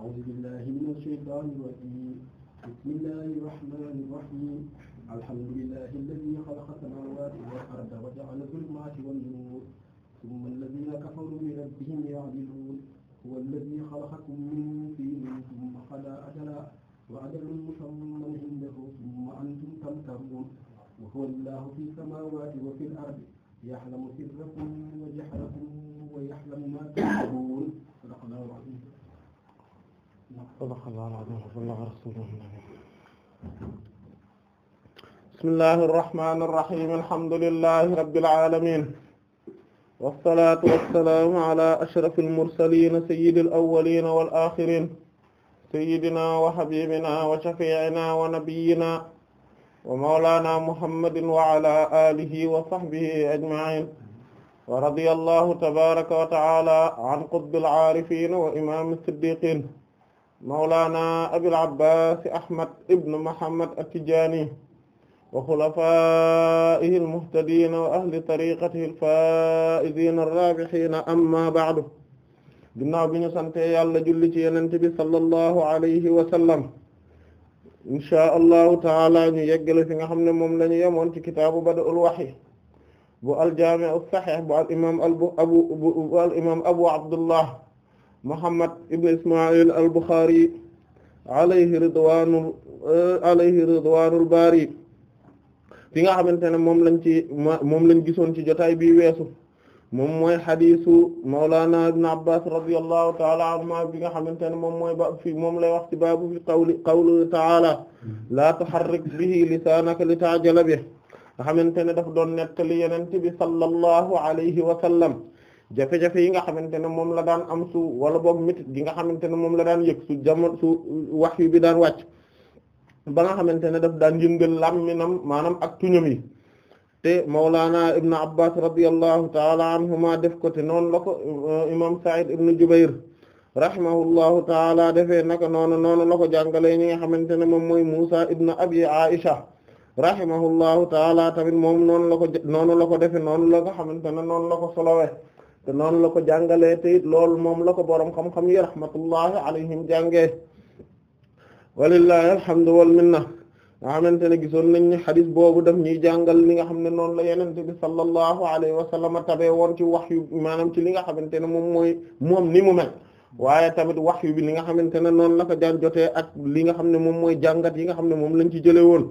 أعوذ بالله من الشيطان الرجيم بسم الله الرحمن الرحيم الحمد لله الذي خلق السماوات والأرض وجعل الظلمات والنور ثم الذين كفروا بربهم يعدلون هو الذي خلقكم من طين ثم قضى أجلا وأجل مسمى عنده ثم أنتم تمترون وهو الله في السماوات وفي الأرض يعلم سركم وجهركم ويعلم ما تكتمون صدق الله العظيم sadaqallaahu al-aziim wallaahu rasuuluhu bismillahi irrahmani irrahim alhamdulillahi rabbil aalamiin wassalaatu wassalaamu ala ashrafil mursaliin sayyidil awwaliin wal aaxiriin sayyidinaa wa habiibinaa wa shafii'inaa wa nabiyyinaa wa mawlaanaa muhammadin wa ala aalihi wa sahbihi ajma'iin wa radiyallaahu tabaaraka wa ta'aalaa an qutbil aarifiin wa imaami siddiiqiin mawlaana abil abbaas ahmad ibn muhammad at-tijaani wa xulafaa'ihi al-muhtadiina wa ahli tariiqatihi al-faa'iziina ar-raabihiina amma ba'du ginnaaw bi ñu sante yàlla julli ci yonent bi sallallahu alayhi wa sallam inshaa allahu taala ñu yeggale fi nga xam ne moom la ñu yemoon ci kitaabu bada'ul wahyi bu al-jaami' as-sahiih bu al imaam abu bu al imaam abu abdullah Muhammad ibn Isma'il al-Bukhari alayhi ridwaanu euh, alayhi ridwaanul baari fi nga xamante ne moom lañ ci moom lañ gisoon ci jotaay bi weesu moom mooy xadiisu Mawlana ibn Abbas radiyallahu taala anhuma bi nga xamante ne moom mooy ba fi moom lay wax ci baabu fi qawli qawlu taala laa tuharrik bi lisaanaka li ta'jala bihi nga xamante ne daf doon nettali Yonent bi sallallahu alayhi wa sallam jafe-jafe yi nga xamante ne moom la daan am su wala boog métit gi nga xamante ne moom la daan yëg su jamono su wahyu bi daan wàcc ba nga xamante ne daf daan yëngal nam maanaam ak tuñam yi te Mawlana Ibn Abbas radiyallahu taala anhuma def ko te noonu la ko uh, imam Sa'id ibn Jubayr rahimahullahu taala defee naka noonu noonu la ko jàngalee ñi nga xamante ne moom mooy Musa ibn Abi Aisha rahimahullahu taala tamit moom noonu la ko noonu la ko defee la nga xamante ne noonu la ko solowee te noonu la ko jàngalee te it loolu moom la ko boroom xam-xam yi rahmatullahi alayhim jàngee walillahi alhamdu wal minna nga xamante ne gisoon nañ ni xadis boobu daf ñuy jàngal li nga xam ne noonu la yenente bi sallallahu alayhi wa sallam tabee woon ci wax yu ci li nga xamante ne moom mooy moom ni mu mel waaye tamit wax bi li nga xamante ne noonu la ko daan jotee ak li nga xam ne moom mooy jàngat yi nga xam ne moom lañ ci jële woon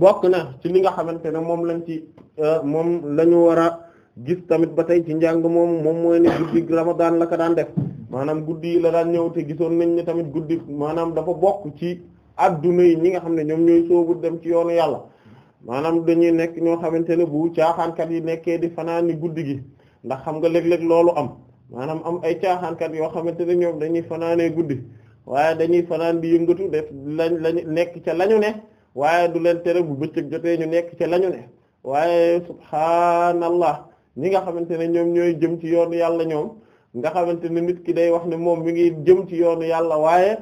bokk na ci li nga xamante ne moom la ci euh, moom la ñu war a gis tamit ba tey ci njàng moom moom mooy ne guddi Ramadan la daan def maanaam guddi la daan ñëw te gisoon nañ ne tamit guddi maanaam dafa bokk ci adduna yi ñi nga xam ne ñoom ñooy soobu dem ci yoonu yàlla maanaam dañuy nekk ñoo xamante ne bu caaxaankat yi nekkee di fanaani guddi gi ndax xam nga léeg-léeg loolu am maanaam am ay caaxaankat yoo xamante ne ñoom dañuy fanaanee guddi waaye dañuy fanaan di yëngatu def lañ lañu nekk ca lañu ne waaye du leen tere bu bëccëg jotee ñu nekk ca lañu ne waaye subhaanallah ñi nga xamante ne ñoom ñooy jëm ci yoonu yàlla ñoom nga xamante ne nit ki day wax ne moom mi ngi jëm ci yoonu yàlla waaye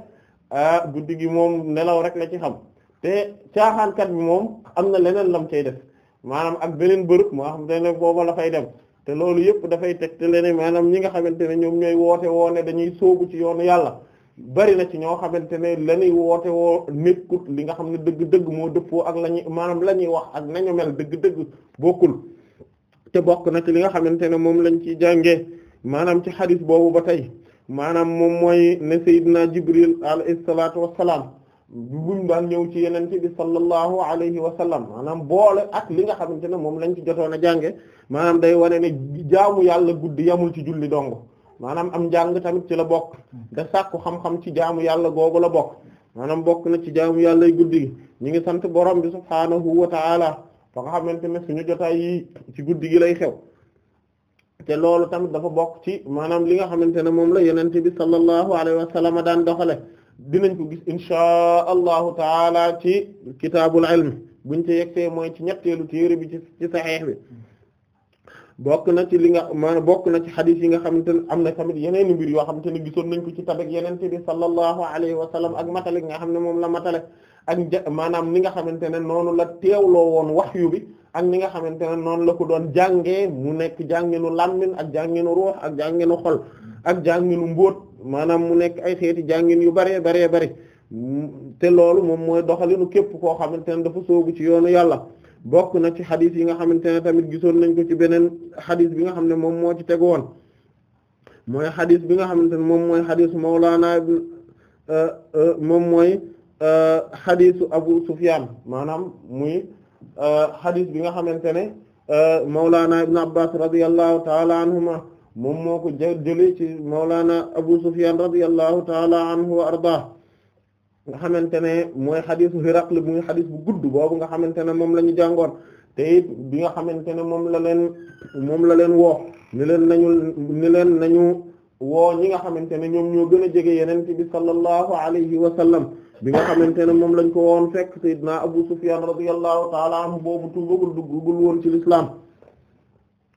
ah guddi gi moom nelaw rek la ci xam te caaxaankat bi moom am na leneen lam cay def maanaam ak beneen bërëb moo xam te ne booba la fay dem te loolu yëpp dafay teg te leneen maanaam ñi nga xamante ne ñoom ñooy woote woo ne dañuy sóobu ci yoonu yàlla bari na ci ñoo xamante ne lañuy woote woo nekkut li nga xam ne dëgg-dëgg moo dëppoo ak la ñuy maanaam la ñuy wax ak nañu mel dëgg-dëgg bokkul te bokk na ci li nga xamante ne moom lañ ci jànge maanaam ci xadis boobu ba tey maanaam moom mooy ne Seydina Jibril alayhi salaatu wassalaam buñ daan ñëw ci yenente bi sallallahu alayhi wa sallam maanaam boole ak li nga xamante ne moom lañ ci jotoon a jànge maanaam day wane ne jaamu yàlla guddi yamul ci julli dong maanaam am njàng tamit ci la bokk da sàkku xam-xam ci jaamu yàlla googu la bokk maanaam bokk na ci jaamu yàlla guddi gi ngi sant borom bi subhaanahu wa ba nga xamante ne ñu jotaay yi ci guddi gi lay xew te loolu tamit dafa bokk ci maanaam li nga xamante ne moom la yenente bi sallallahu alayhi wa sallam daan doxale dinañ ko gis inchaa allahu taala ci kitaabul ilm buñ ci yegsee mooy ci ñetteelu téere bi ci ci saxiix bi bokk na ci li nga maanaam bokk na ci xadis yi nga xamante ne am na tamit yeneen mbir yoo xamante ne gisoon nañ ko ci tabeg yenente bi sallallahu alayhi wa sallam ak matale nga xam ne moom la matale ak maanaam ni nga xamante ne noonu la teewloo wax waxyu bi ak ni nga xamante ne noonu la ko doon jàngee mu nekk jànginu làmmin ak jànginu ruux ak jànginu xol ak jànginu mbóot maanaam mu nekk ay xeeti jàngin yu baree baree bari te loolu moom mooy doxalinu képp koo xamante ne dafa soobu ci yoonu yàlla bokk na ci xadis yi nga xamante ne tamit gisoon nañ ko ci beneen xadis bi nga xam ne moom moo ci tegu woon mooy bi nga xamante ne moom mooy xadisu Mawlaana euh, euh, moom mooy euh, xadisu Abu Sufyaan maanaam muy xadis bi nga xamante ne Mawlaana Ibn Abbas radiyallahu taala anhuma moom moo ko jëlee ci Mawlaana Abu Sufyaan radiyallahu taala anhu wa arda nga xamante ne mooy xadisu Hiraql muy bu gudd boobu nga xamante ne moom la ñu jàngoon te bi nga xamante ne moom la leen moom la leen woo ni leen nañu ni nañu woo ñi nga xamante ne ñoom ñoo gën a jege yeneen bi sallallahu alayhi wa sallam bi nga xamante lañ ko woon fekk sayyidna Abu Sufyan boobu tuubagul duggul woon ci lislaam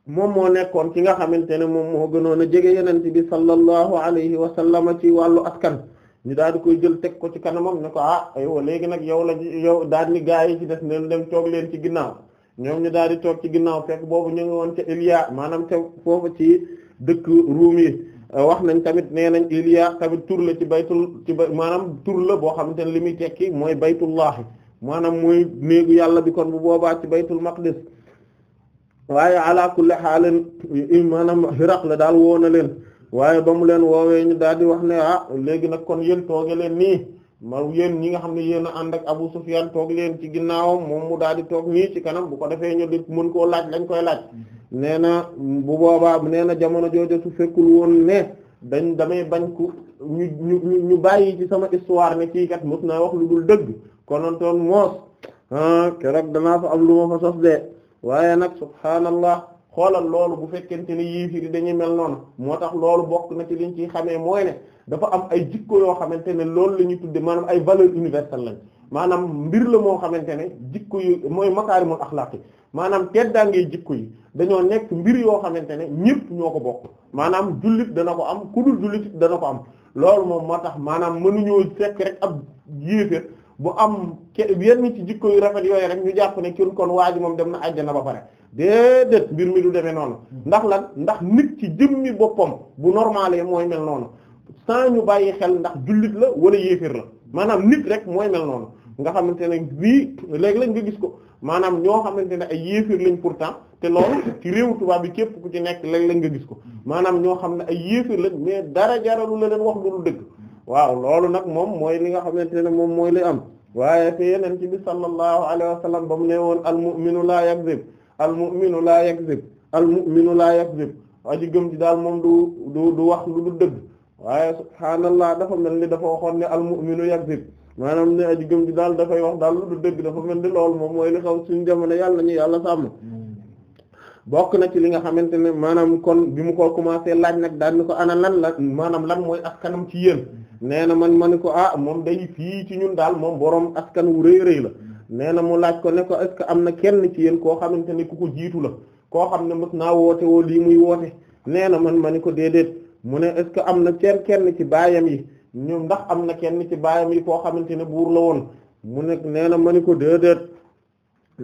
moom moo nekkoon ci nga xamante ne moom moo gënoon a jege yeneen bi sallallahu alayhi wa sallam ci wàllu askan ñu daal di koy jël teg ko ci kanamam ne ko ah aywa léegi nag yow la yow daal ni gaa yi ci def ne dem toog leen ci ginnaaw ñoom ñu daal di toog ci ginnaaw fekk boobu ñu ngi woon ca Iliya maanaam ca foofu ci dëkk euh, wax nañ tamit nee nañ Iliya tamit tur la ci baytul ci bay tur la boo xamante ne li muy tekki mooy baytullahi maanaam mooy néegu yàlla bi kon bu boobaa ci baytul maqdis waaye ala kulli xaal maanaam xiraq la daal woo na leen. waaye ba mu leen woowee ñu daal di wax ne ah léegi nag kon yéen tooge leen nii ma yéen ñi nga xam ne yéen a ànd ak Abu Sufyan toog leen ci ginnaaw moom mu daal di toog nii ci kanam bu ko defee ñu di mën koo laaj lañ koy laaj nee na bu boobaa nee na jamono jooju su fekkul woon ne dañ damay bañ ku ñu ñu ñu bàyyi ci sama histoire ne kii kat mos naa wax lu dul dëgg konontoon moos ah, keroog danaa fa am lu ma fa sos de waaye nag subhaanallah xoolal loolu bu fekkente ne yéefiri dañuy mel noonu moo tax loolu bokk na ci liñ ciy xamee mooy ne dafa am ay jikko yoo xamante ne loolu la ñuy tudde maanaam ay valeurs universelles lañ maanaam mbir la moo xamante ne jikko yi mooy makaarimul axlaaq yi maanaam teddaangee jikko yi dañoo nekk mbir yoo xamante ne ñépp ñoo ko bokk maanaam jullit dana ko am ku dul jullit dana ko am loolu moom moo tax maanaam mënuñoo fekk rek ab yéeféer bu am yenn ci jikko yu rafet yooyu rek ñu jàpp na kin kon waa ji moom dem na àjjana ba pare déedéet mbir mi du demee noonu hmm. ndax lan ndax nit ci jëmmi boppam bu normal mooy mel noonu sans ñu bàyyi xel ndax jullit la wala yéeféer la maanaam nit rek mooy mel noonu nga xamante ne bii léegi lañ nga gis ko maanaam ñoo xamante ne ay yéeféer lañ pourtant te loolu ci réewu tubaab bi képp ku ci nekk léegi lañ nga gis ko hmm. maanaam ñoo xam ne ay yéeféer lañ mais dara jaralu la leen wax lu dul dëgg hmm. waaw loolu nag moom mooy li nga xamante ne moom mooy lay am waaye te yeneen ci bi sallallahu alayhi wa sallam ba mu ne woon al mu'minu laa yakzib al mu'minu laa yakzib al mu'minu laa yakzib aji gëm ji daal moom du du du wax lu du dëgg waaye subhaanallah dafa mel ni dafa waxoon ne al mu'minu yakzib maanaam ne aji gëm ci daal dafay wax daal lu du dëgg dafa mel ni lool moom mooy li xaw suñu jamono yàlla ñu yàlla sàmm bokk na ci li nga xamante ne maanaam kon bi mu ko commencé laaj nag daal ni ko ana lan la manam lan mooy askanam ci yéen nee na man ma ni ko ah moom day fii ci ñun daal moom boroom askan wu rëy rëy la nee na mu laaj ko ne ko est am na kenn ci yéen koo xamante ne ku ko jiitu la koo xam ne mës naa woote woo lii muy woote nee na man ma ni ko déedéet mu ne est am na kenn kenn ci baayam yi ñoom ndax am na kenn ci baayam yi koo xamante ne buur la woon mu nekk nee na ma ni ko déedéet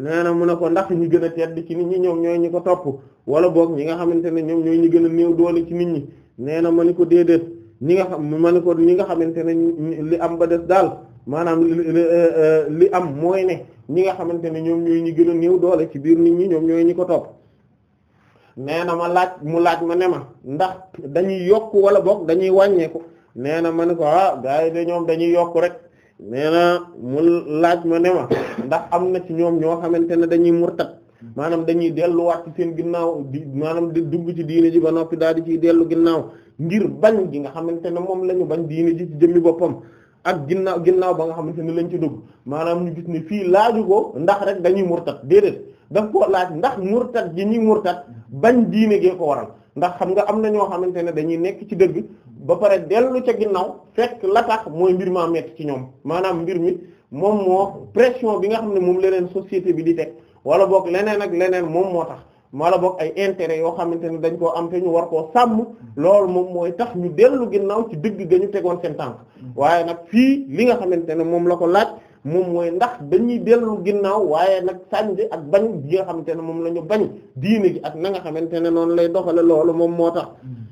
nee na mu ne ko ndax ñi gën a tedd ci nit ñi ñoom ñooy ñi ko topp wala boog ñi nga xamante ne ñoom ñooy ñi gën a néew doole ci nit ñi nee na ma ni ko déedéet ñi nga xam ma ni ko ñi nga xamante ne li am ba des daal maanaam li eh, eh, am mooy ne ñi nga xamante ne ñoom ñooy ñi gën a néew doole ci biir nit ñi ñoom ñooy ñi ko topp nee na ma laaj mu laaj ma ne ma ndax dañuy yokk wala boog dañuy wàññeeku nee na ma ni ko ah gars de ñoom dañuy yokk rek nee na mu laaj ma ne ma ndax am na ci ñoom ñoo xamante ne dañuy murtat maanaam dañuy delluwaat ci seen ginnaaw di maanaam di dugg ci diine ji ba noppi daal di ciy dellu ginnaaw ngir bañ gi nga xamante ne moom la ñu bañ diine ji ci jëmmi boppam ak ginnaaw ginnaaw ba nga xamante ne lañ ci dugg maanaam ñu gis ni fii laaju ko ndax rek dañuy murtat déedéet daf koo laaj ndax murtat ji ñuy murtat bañ diine gee ko waral ndax xam nga am na ñoo xamante ne dañuy nekk ci dëgg ba pare dellu ca ginnaaw fekk la tax mooy mbir maa metti ci ñoom maanaam mbir mi moom moo pression bi nga xam ne moom leneen société bi di teg wala boog leneen ak leneen moom moo tax wala boog ay intérêt yoo xamante ne dañ koo am te ñu war koo sàmm loolu moom mooy tax ñu dellu ginnaaw ci dëgg ga ñu tegoon seen tànk waaye nag fii li nga xamante ne moom la ko laaj moom mooy ndax dañuy dellu ginnaaw waaye nag sànj ak bañ gi nga xamante ne moom lañu ñu bañ diine gi ak na nga xamante ne noonu lay doxale loolu moom moo tax mm.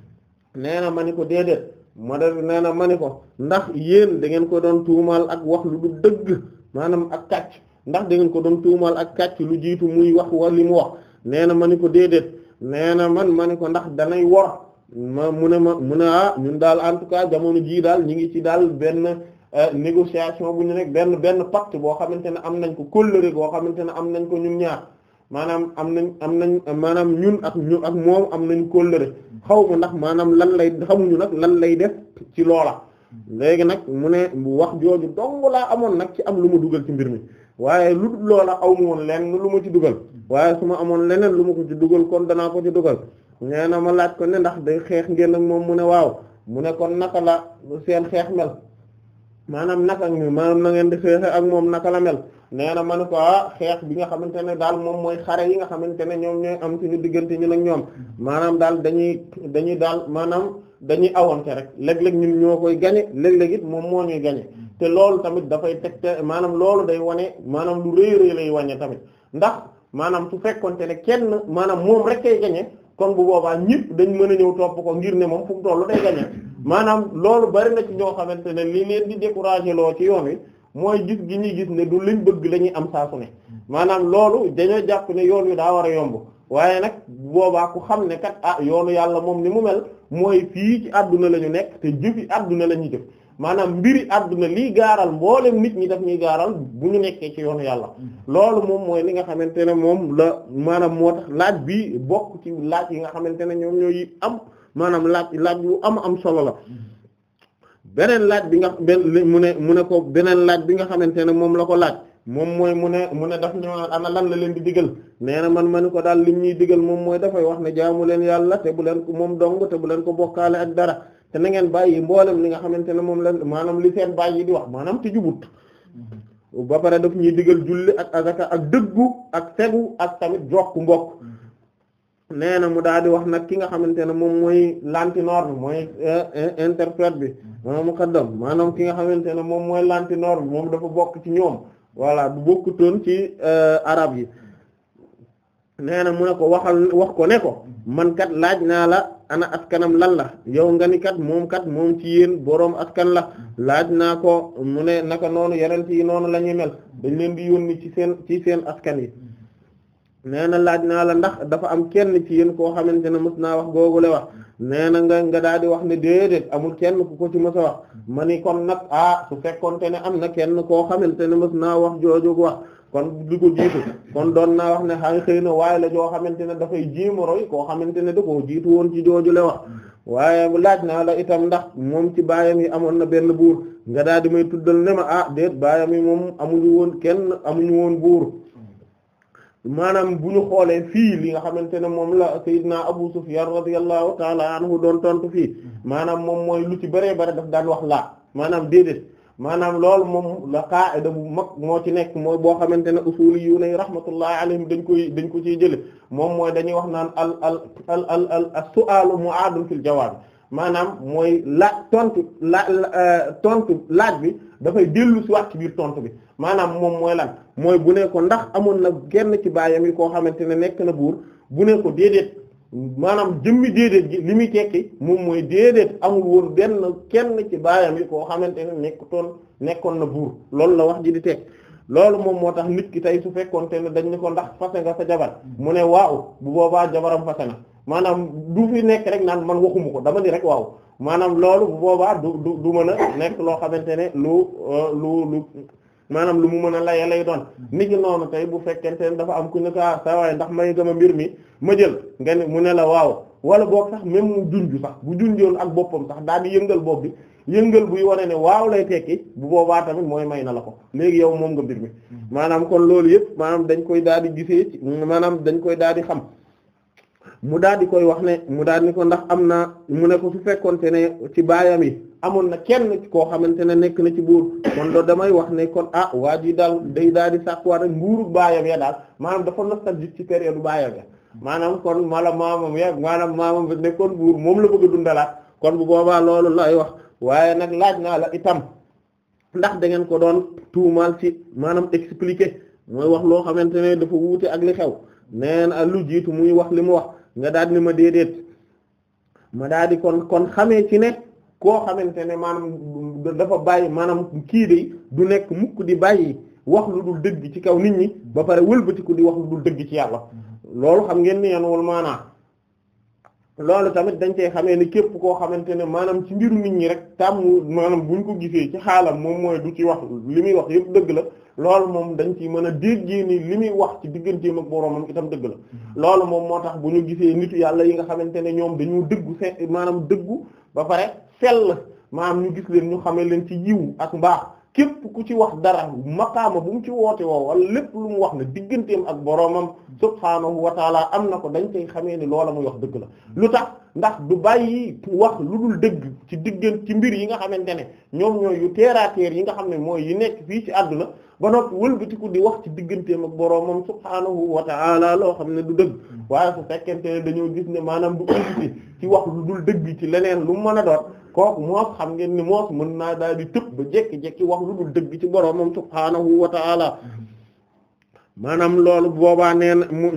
nee na ma ni ko déedéet ma da na ma ni ko ndax yéen da ngeen ko doon tuumaal ak wax lu du dëgg maanaam ak kàcc ndax da ko doon tuumaal ak kàcc lu jiitu muy wax wa li mu wax nee na ma ni ko déedéet nee na man ma ni ko ndax danay wor ma mu ne ma mu ne ah ñun daal en tout cas jamono jii daal ñi ngi ci daal benn Euh, négociation bu ñu nekk benn benn pacte boo xamante ne am nañ ko kóllëre boo xamante ne am nañ ko ñun ñaar maanaam am nañ am nañ maanaam ñun ak ñun ak moom am nañu kóllëre xaw ma ndax maanaam lan lay xamuñu nag lan lay def ci loola léegi nag mu ne wax jooju dong laa amoon nag ci am lu ma dugal ci mbir mi waaye lu loola aw ma woon lenn lu ma ci dugal waaye su ma amoon leneen lu ma ko ci dugal kon danaa ko ci dugal nee na ma laaj ko ne ndax day xeex ngeen ak moom mu ne waaw mu ne kon naka la seen xeex mel maanaam naka maanaam na ngeen di xeexe ak moom naka la mel nee na man ko xeex bi nga xamante ne daal moom mooy xare yi nga xamante ne ñoom ñooy am suñu diggante ñu ak ñoom maanaam daal dañuy dañuy daal maanaam dañuy awante rek léeg-léeg ñun ñoo koy gañe léeg moom moo ñuy te loolu tamit dafay tegte maanaam loolu day wane maanaam lu rëy rëy lay wàññe tamit ndax maanaam su fekkonte ne kenn maanaam moom rek kay gañe kon bu boobaa ñëpp dañ mën a ñëw topp ko ngir ne moom fu mu tollu day gañe maanaam loolu bari na ci ñoo xamante ne li leen di décourager loo ci yoon wi mooy gis gi ñu gis ne du liñ bëgg lañuy am saasu ne maanaam loolu dañoo jàpp ne yoon wi daa war a yomb waaye nag boobaa ku xam ne kat ah yoonu yàlla moom ni mu mel mooy àdduna la ñu nekk te jëfi àdduna la ñuy jëf maanaam mbiri àdduna liy gaaral mboolem nit ñi daf ñuy gaaral bu ñu nekkee ci yoonu yàlla loolu moom mooy li nga xamante ne moom la maanaam moo tax laaj bi bokk ci laaj yi nga xamante ne ñoom ñooy am maanaam laaj laaj bu am am solo la beneen laaj bi nga benn mu ne mu ne ko beneen laaj bi nga xamante ne moom la ko laaj moom mooy mu ne mu ne daf ñu ana lan la leen di digal nee na man ma ne ko daal lim ñuy digal moom mooy dafay wax ne jaamu leen yàlla te bu leen ko moom dong te bu leen ko bokkaale ak dara te na ngeen bàyyi mboolem li nga xamante ne moom la maanaam li seen bàyyi di wax maanaam te jubut ba pare daf ñuy diggal julli ak azaka ak dëggu ak tegu ak tamit jokk mbokk nee na mu daal di wax nag ki nga xamante ne moom mooy lantinoor bi mooy eh, eh, interprète bi maanaam mukaddam maanaam ki nga xamante ne moom mooy lantinoor bi moom dafa bokk ci ñoom voilà bu bokkutoon ci eh, arab yi nee na mu ne ko waxal wax ko ne ko man kat laaj naa la ana kanam lan la yow nga ni kat moom kat moom ci yéen boroom kan la laaj naa ko mu ne naka noonu yeneen yi noonu la mel dañ leen di yónni ci seen ci seen askan yi nee na laaj naa la ndax dafa am kenn ci yéen koo xamante ne mës naa wax googule wax nee na nga nga daal di wax ne déedéet amul kenn ku ko ci mës a wax ma ni kon nag ah su fekkonte ne am na kenn koo xamante ne mës naa wax jooju wax kon li jiitu kon doon naa wax ne xay xëy na waaye joo xamante ne dafay jiima roy koo xamante ne da koo jiitu woon ci joojule wax waaye laaj naa la itam ndax moom ci baayam amoon na benn buur nga daal di may tuddal ne ma ah déet baayam yi moom amuñu woon kenn amuñu woon buur maanaam bu ñu xoolee fii li nga xamante ne moom la naa Abu Sufyan radiyallahu taala anhu doon tontu fii maanaam moom mooy lu ci bëree bëri daf daan wax laa maanaam déedéet maanaam loolu moom la bu mag moo ci nekk mooy boo xamante ne usuuli yu ne rahmatullahi alayhim dañ koy dañ ko ciy jële moom mooy dañuy wax naan al al al al al as maanaam mooy la tontu la euh, tontu laaj bi dafay dellu si wax ci biir tontu bi maanaam moom mooy lan mooy bu ne ndax amoon na genn ci baayam yi koo xamante ne nekk na buur bu ne ko déedéet maanaam jëmmi déedéet gi li muy tekki moom mooy déedéet amul woon benn kenn ci baayam yi koo xamante ne nekkutoon nekkoon na buur loolu la wax ji di teg loolu moom moo tax nit ki tey su fekkoonte ne dañ ne ko ndax fase nga sa jabar mu ne waaw bu boobaa jabaram fase na maanaam du fi nekk rek naan man waxuma ko dama ni rek waaw maanaam loolu boobaa du du mën a nekk loo xamante ne lu euh, maanaam lu mu mën a laye lay doon mm-hmm. nit niki noonu tey bu fekkente ne dafa am ku ne ah, sa waaye ndax may gëm mbir mi ma jël nga mu ne la waaw wala boog sax même mu junj bu junjoon ak boppam sax daal di yëngal bopp bi yëngal buy wane ne waaw lay tekki bu boobaa tamit mooy may na la ko léegi yow moom nga mbir mi mm-hmm. maanaam kon loolu yëpp maanaam dañ koy daal di gisee maanaam dañ koy daal di xam mu daal di koy wax ne mu daal di ko ndax am na mu ne ko su fekkoonte ne ci baayam yi amoon na kenn koo xamante ne nekk na ci buur damay wax ne kon ah waa ji daal day daal di sàkkuwaat rek mbuuru baayam ya daal maanaam dafa nostalgique ci période baayam ya maanaam kon mala maamam ya maanaam maamam nekkoon buur moom la bëgg a dundalaat kon bu boobaa loolu lay wax waaye nag laaj naa la itam ndax da ngeen ko doon mal ci maanaam expliquer mooy wax loo xamante ne dafa wuute ak li xew nee na lu jiitu muy wax li mu wax nga daal di ma déedéet ma daal kon kon xamee ci ne. koo xamante ne maanaam dafa bàyyi maanaam kii de du nekk mukk di bàyyi wax lu dul dëgg ci kaw nit ñi ba pare wëlbatiku di wax lu dul dëgg ci yàlla loolu xam ngeen ni yanwul maanaa loolu tamit dañ cee xamee ni képp koo xamante ne maanaam ci mbiru nit ñi rek tàmm maanaam ñu ko gisee ci xaalam moom mooy du ci wax li muy wax yëpp dëgg la loolu moom dañ ci mën a déggee ni li muy wax ci digganteem ak boroomam itam dëgg la loolu moom moo tax bu ñu gisee nitu yàlla yi nga xamante ne ñoom dañoo dëggu maanaam dëggu ba pare sell maanaam ñu gis leen ñu xamee leen ci yiw ak mbaax képp ku ci wax dara maqaama bu mu ci woote woo wala lépp lu mu wax ne digganteem ak boroomam subhaanahu wa taala am na ko dañ koy xamee ni loola muy wax dëgg la lu tax ndax du bàyyi wax lu dul dëgg ci diggan ci mbir yi nga xamante ne ñoom ñooy yu teeraateer yi nga xam ne mooy yi nekk fii ci àdduna ba noppi wëlbatiku di wax ci digganteem ak boroomam subhaanahu wa ta'ala loo xam ne du dëgg waaye su fekkente ne dañoo gis ne maanaam du uti ci wax ci leneen lu mën a doon kooku moos xam ngeen ni moos mën naa daal di tëb ba jekki-jekki wax lu dul dëgg ci boroomam subhaanahu wa ta'ala maanaam loolu boobaa nee na mu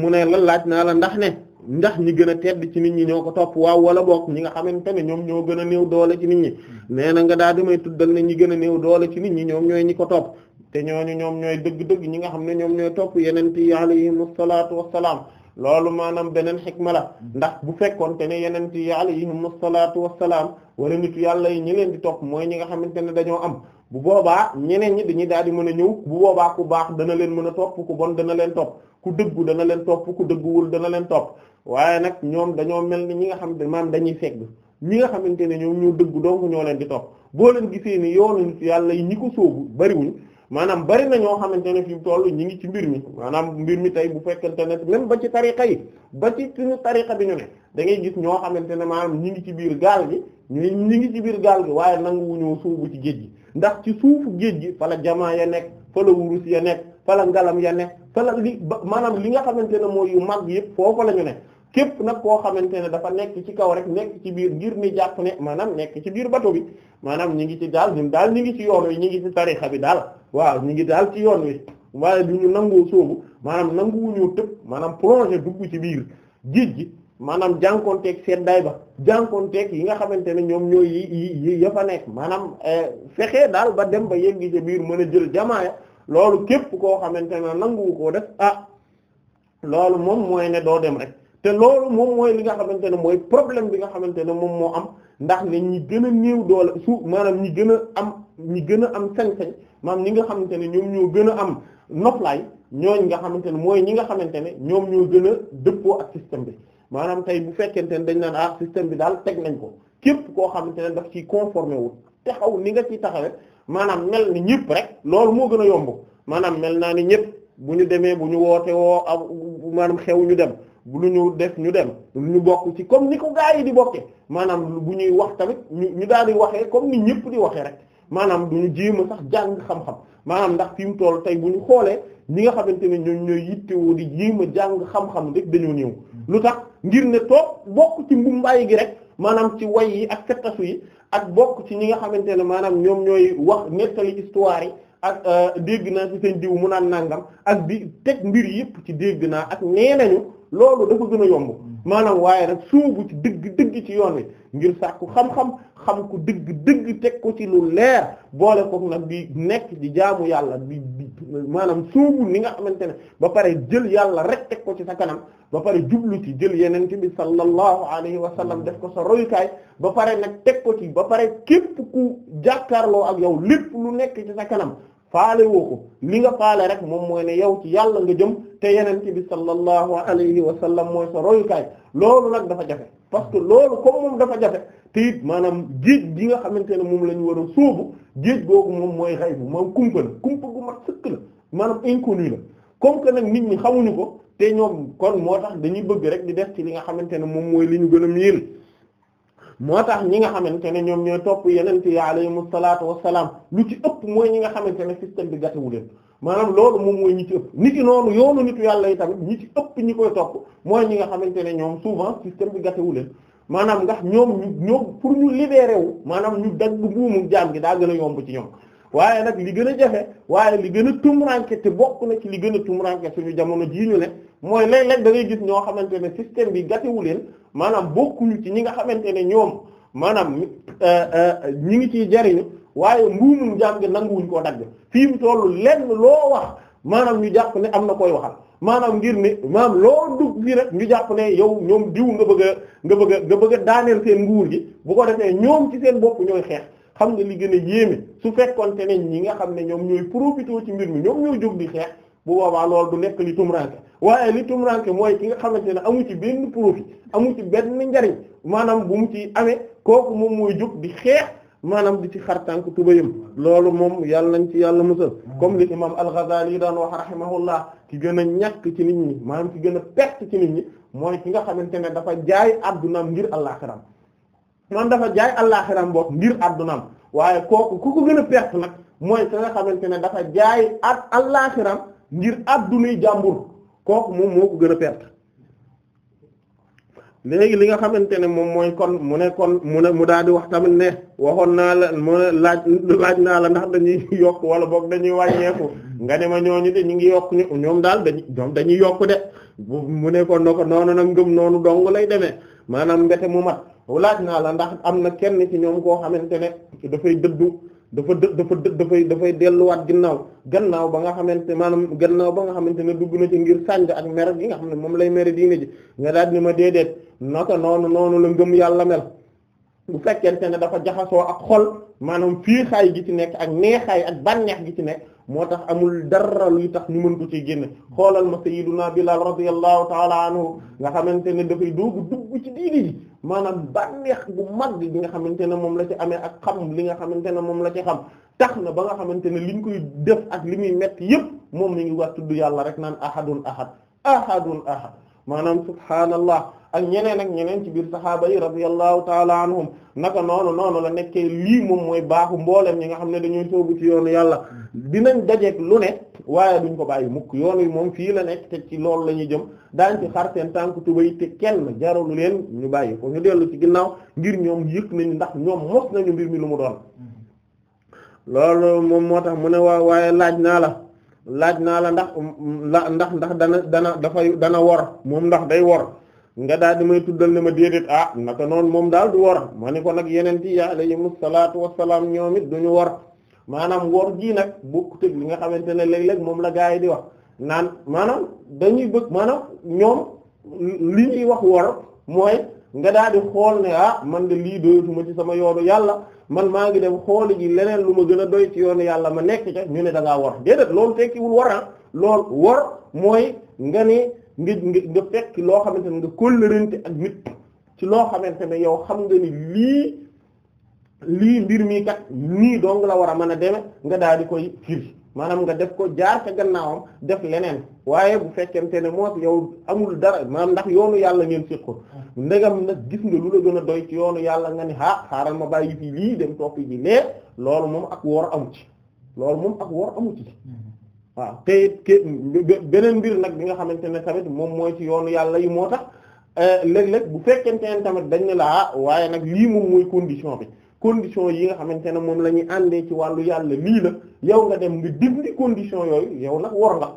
mu ne la laaj naa la ndax ne ndax ñi gën a tedd ci nit ñi ñoo ko topp waaw wala boog ñi nga xamante ne ñoom ñoo gën a new doole ci nit ñi nee na nga daal di may tuddal ne ñi gën a néew doole ci nit ñi ñoom ñooy ñi ko topp te ñooñu ñoom ñooy dëgg-dëgg ñi nga xam ne ñoom ñooy topp yeneen yi alayhimu salaatu wassalaam loolu maanaam beneen xikma la ndax bu fekkoon ne yeneen yi alayhimu salaatu wassalaam wala nit yàlla yi ñu leen di topp mooy ñi nga xamante ne dañoo am bu boobaa ñeneen ñi dañuy daal di mën a ñëw bu boobaa ku baax dana leen mën a topp ku dana leen topp ku dëggu dana leen topp ku dëgguwul dana leen topp waaye nag ñoom dañoo mel ni ñi nga xam ne maam dañuy fegg ñi nga xamante ne ñoom ñoo dëggu donc ñoo leen di topp boo leen gisee ni yoonu nit yàlla yi ñi ko sóobu bariwuñ maanaam bari na ñoo xamante ne fi mu toll ñi ngi ci mbir mi maanaam mbir mi tey bu fekkente ne même ba ci tariqa yi ba ci suñu tariqa bi ñu ne da ngay gis ñoo xamante ne maanaam ñi ngi ci biir gaal gi ñu ñi ngi ci biir gaal gi waaye nanguwuñoo suubu ci géej gi ndax ci suufu géej gi fala jamaa ya nekk fala wurus ya nekk fala ngalam ya nekk fala li maanaam li nga xamante ne mooy yu mag yëpp foofu la ñu ne képp nag koo xamante ne dafa nekk ci kaw rek nekk ci biir ngir ni jàpp ne maanaam nekk ci biir bato bi maanaam ñi ngi ci daal ñun daal ñu ngi ci yoon wi ñi ngi ci tarixa bi daal waaw ñi ngi daal ci yoon wi waaye du ñu nangoo soobu maanaam nanguwuñoo tëb maanaam plongé dugg ci biir géej gi maanaam jànkoonteeg seddaay ba jànkoonteeg yi nga xamante ne ñoom ñooy yi yi ya fa nekk maanaam eh, fexe daal ba dem ba yegg ci biir mën a jël jamaaya loolu képp koo xamante ne nanguwu koo def ah loolu moom mooy dem rek te loolu moom mooy li nga xamante ne mooy problème bi nga xamante ne moom moo am ndax ne ñi gën a néew doole suuf maanaam ñi gën a am ñi gën a am sañ-sañ maanaam nga xamante ne ñoom ñoo gën a am noflaay ñooñ nga xamante ne mooy ñi nga xamante ne ñoom ñoo gën a dëppoo ak système bi maanaam tey bu fekkente ne dañ naan ah système bi daal teg nañ ko képp koo xamante ne daf ci conformé wu taxaw ni nga ci taxawe maanaam mel ni ñëpp rek loolu moo gën a yomb maanaam mel naa ni ñëpp bu ñu demee bu ñu woote woo maanaam xew ñu dem lu ñu def ñu dem lu ñu bokk ci comme ni ko gaa yi di bokkee maanaam bu ñuy wax tamit ñu ñu daal di waxee comme ni ñëpp di waxee rek maanaam du ñu jéem a sax jàng xam-xam maanaam ndax fi mu toll tey bu ñu xoolee ñi nga xamante ne ñoom ñooy yittewoo di jéem a jàng xam-xam dañoo néew. lu tax ngir ne toog bokk ci mbumbaay gi rek maanaam ci way yi ak fettasu yi ak bokk ci ñi nga xamante ne maanaam ñoom ñooy wax nettali histoire yi. ak euh, dégg naa ci seen diw mu naan nangam ak di teg mbir yëpp ci dégg naa ak nee nañu loolu dafa gën a yomb maanaam waaye nag suubu ci dëgg dëgg ci yoon wi ngir sàkku xam-xam xam ku dëgg dëgg teg ko ci lu leer boole ko nag bi nekk di jaamu yàlla di maanaam suubu ni nga xamante ne ba pare jël yàlla rek teg ko ci sa kanam ba pare jublu ci jël yeneen bi sallallahu alayhi wa sallam def ko sa royukaay ba pare nag teg ko ci ba pare képp ku jàkkaarloo ak yow lépp lu nekk ci sa kanam faale woo ko li nga faale rek moom mooy ne yow ci yàlla nga jëm te yeneen ci bi sallallahu alayhi wa sallam mooy sa royukaay loolu nag dafa jafe parce que loolu comme moom dafa jafe te it maanaam géej gi nga xamante ne moom la ñu war a sóobu géej googu moom mooy xay bu moom kumpa la kumpa gu mat sëkk la maanaam inconnu la comme que nag nit ñi xamuñu ko te ñoom kon moo tax dañuy bëgg rek di def ci li nga xamante ne moom mooy li ñu gën a miin moo tax ñi nga xamante ne ñoom ñooy topp yeneen yi alayhimu salaatu wassalaam lu ci ëpp mooy ñi nga xamante ne système bi gàttewu leen maanaam loolu moom mooy ñi ci ëpp nit ki noonu yoonu nitu yàlla yi tamit ñi ci ëpp ñi koy topp mooy ñi nga xamante ne ñoom souvent système bi gàttewu leen maanaam ndax ñoom ñu ñoom pour ñu libéré wu maanaam ñu dagg buumu jaam gi daa gën a yomb ci ñoom waaye nag li gën a jafe waaye li gën a tumuranke te bokk na ci li gën a tumuranke suñu jamono jii ñu ne mooy léeg-léeg da ngay gis ñoo xamante ne système bi gàttewu leen maanaam bokkuñu ci ñi nga xamante ne ñoom maanaam euh, euh, ñi ngi ciy jariñu waaye mbuumum jaam gi nanguwuñ ko dagg fii mu toll lenn loo wax maanaam ñu jàpp ne am na koy waxal maanaam ngir ni maanaam loo dugg fii rek ñu jàpp ne yow ñoom diw nga bëgg a nga bëgg a bëgg daaneel seen nguur gi bu ko defee ñoom ci seen bopp ñooy xeex xam nga li gën a yéeme su te ne ñi nga xam ne ñoom ñooy profité ci mbir mi ñoom ñoo jóg di xeex bu boobaa loolu du nekk li tumuranke waaye li tumuranke mooy ki nga xamante ne amu ci benn profit amu ci benn njariñ maanaam bu mu ci amee kooku moom mooy jóg di xeex maanaam di ci xar tànk tubayam loolu moom yàlla nañ ci yàlla musal comme li imam al-Ghazali daan wax rahimahullah ki gën a ñàkk ci nit ñi maanaam ci gën a perte ci nit ñi mooy ki nga xamante ne dafa jaay addunaam ngir àllaxiram noon dafa jaay àllaaxiram bopp ngir addunaam waaye kooku ku ko gën a perte nag mooy ki nga xamante dafa jaay ak àllaaxiram ngir addunay jàmbur kooku moom moo ko gën a perte léegi li nga xamante ne moom mooy kon mu ne kon mu ne mu daal di wax tamit ne waxoon naa la mu laaj laaj naa la ndax dañuy yokk wala boog dañuy wàññeeku nga ne ma ñooñu de ñu ngi yokk ñu ñoom daal dañuy ñoom dañuy yokk de mu ne kon ko noonu nag ngëm noonu dong lay demee maanaam mbete mu mat laaj naa la ndax am na kenn ci ñoom koo xamante ne dafay dëddu dafa dë dafa dë dafay dafay delluwaat ginnaaw gannaaw ba nga xamante maanaam gannaaw ba nga xamante ne dugg na ci ngir sànj ak mer gi nga xam ne moom lay mere diine ji nga daal ni ma déedéet naka noonu noonu la ngëm yàlla mel bu fekkente ne dafa jaxasoo ak xol maanaam fii xaay gi ci nekk ak neexaay ak bànneex gi ci nekk moo tax amul dara luy tax ñu mën ko ci génne xoolal ma sayyiduna Bilaal radiyallahu ta'ala anhu nga xamante ne dafay doogu dugg ci diini ji maanaam bànneex bu mag bi nga xamante ne moom la ci amee ak xam li nga xamante ne moom la ci xam tax na ba nga xamante ne liñ koy def ak li muy metti yépp moom mi ngi wax tudd yàlla rek naan ahadun ahad ahadun ahad maanaam subhaanallah ak ñeneen ak ñeneen ci biir saxaaba yi radiyallahu taala anhum naka noonu noonu la nekkee lii moom mooy baaxu mboolem ñi nga xam ne dañuy sóobu ci yoonu yàlla dinañ dajeek lu ne waaye duñ ko bàyyi mukk yoon yi moom fii la nekk te ci loolu la ñuy jëm daañ ci xar seen tànk tubay te kenn jaralu leen ñu bàyyi ko ñu dellu ci ginnaaw ngir ñoom yëg nañu ndax ñoom mos nañu mbir mi lu mu doon loolu moom moo tax mu ne waa waaye laaj naa la laaj naa la ndax ndax ndax dana dana dafay dana wor moom ndax day wor nga daal di may tuddal ne ma déedéet ah naka noonu moom daal di war a ma ne ko nag yeneen yi alayhimu salaatu wassalaam ñoom it duñu war maanaam wor jii nag bokkut ak li nga xamante ne léeg-léeg moom la gaa yi di wax naan maanaam dañuy bëgg maanaam ñoom li ñuy wax wor mooy nga daal di xool ne ah man de lii doyatuma ci sama yoonu yàlla man maa ngi dem xooli ji leneen lu ma gën a doy ci yoonu yàlla ma nekk ca ñu ne da ngaa wor déedéet loolu tekkiwul wor ah loolu wor mooy nga nga fekk loo xamante ne nga kóllërante ak nit ci loo xamante ne yow xam nga ni lii lii mbir mi kat nii dong la war a mën a deme nga daal di koy firi maanaam nga def ko jaar ca gannaawam def leneen waaye bu fekkente ne moos yow amul dara maanaam ndax yoonu yàlla ngeen séq ko ndegam nag gis nga lu la gën a doy ci yoonu yàlla nga ni ah xaaral ma bàyyi fi lii dem topp ji lee loolu moom ak woor amu ci loolu moom ak woor amu ci hmm. waaw te it beneen mbir nag bi nga xamante ne tamit moom mooy ci yoonu yàlla yi moo tax eh, léeg-léeg bu fekkente ne tamit dañ ne laa ah, waaye nag lii moom mooy condition bi condition yi nga xamante ne moom la ñuy àndee ci wàllu yàlla lii la yow nga dem nga dindi condition yooyu yow nag war nga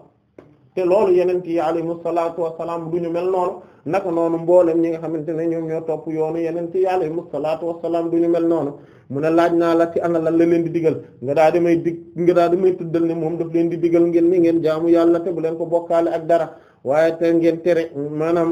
te loolu yenent yi alayhimu salaatu wassalaam du ñu mel noonu naka noonu mboolem ñi nga xamante ne ñoom ñoo topp yoonu yenent yi alayhimu salaatu wassalaam du ñu mel noonu mu ne laaj naa la ci ana lan la leen di digal nga daa damay dig nga daa damay tuddal ne moom daf leen di digal ngeen ni ngeen jaamu yàlla te bu leen ko bokkaale ak dara waaye te ngeen tere maanaam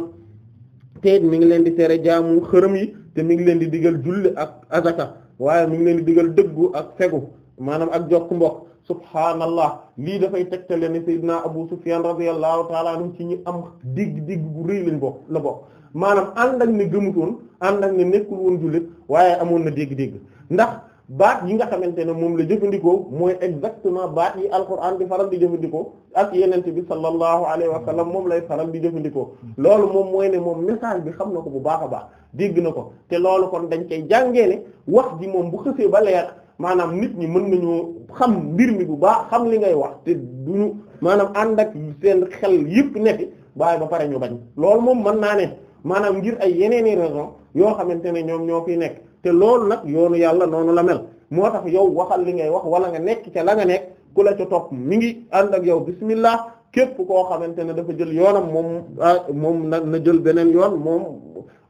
teet mi ngi leen di tere jaamu xërëm yi te mi ngi leen di digal julli ak azaka waaye mi ngi leen di digal dëggu ak fegu maanaam ak jokk mbokk subhaanallah lii dafay tegtale ne Seydina Abu Sufyan radiyallahu ta'ala anhu ci ñi am digg-digg bu rëy lañ bokk la bokk maanaam ànd ak ne gëmutoon ànd ak ne nekkul woon jullit waaye amoon na dégg-dégg ndax baat yi nga xamante ne moom la jëfandikoo mooy exactement baat yi alquran di faral di jëfandikoo ak yenente bi sallallahu alayhi wa sallam moom lay faral di jëfandikoo loolu moom mooy ne moom message bi xam na ko bu baax a baax dégg na ko te loolu kon dañ koy jàngee wax ji moom bu xësee ba leer maanaam nit ñi mën nañoo xam mbir mi bu baax xam li ngay wax te ñu maanaam ànd ak seen xel yëpp nekk bàyyi ba pare ñu bañ loolu moom mën naa ne maanaam ngir ay yeneeni raison yoo xamante ne ñoom ñoo fi nekk te loolu nag yoonu yàlla noonu la mel moo tax yow waxal li ngay wax wala nga nekk ca la nga nekk ku la ca topp mi ngi ànd ak yow bismillah képp koo xamante ne dafa jël yoonam moom ah, moom na na jël beneen yoon moom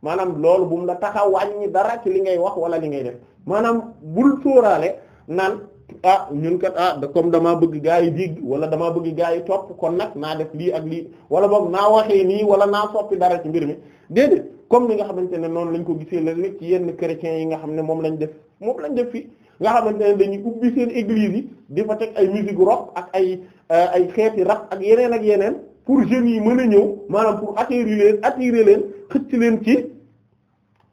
maanaam loolu bu mu la taxa wàññi dara ci li ngay wax wala li ngay def maanaam bul sóoraale naan ah ñun kat ah comme damaa bëgg gaa yi dégg wala damaa bëgg gaa yi topp kon nag naa def lii ak lii wala boog naa waxee nii wala naa soppi dara ci mbir mi déedéet comme ni nga xamante ne noonu lañ ko gisee léeg-léeg ci yenn chrétiens yi nga xam ne moom lañ def moom lañ def fii nga xamante ne dañuy ubbi seen église yi di teg ay musique rock ak ay euh, ay xeeti rap ak yeneen ak yeneen pour jeunes yi mën a ñëw maanaam pour attirer leen attirer leen xëcc leen ci.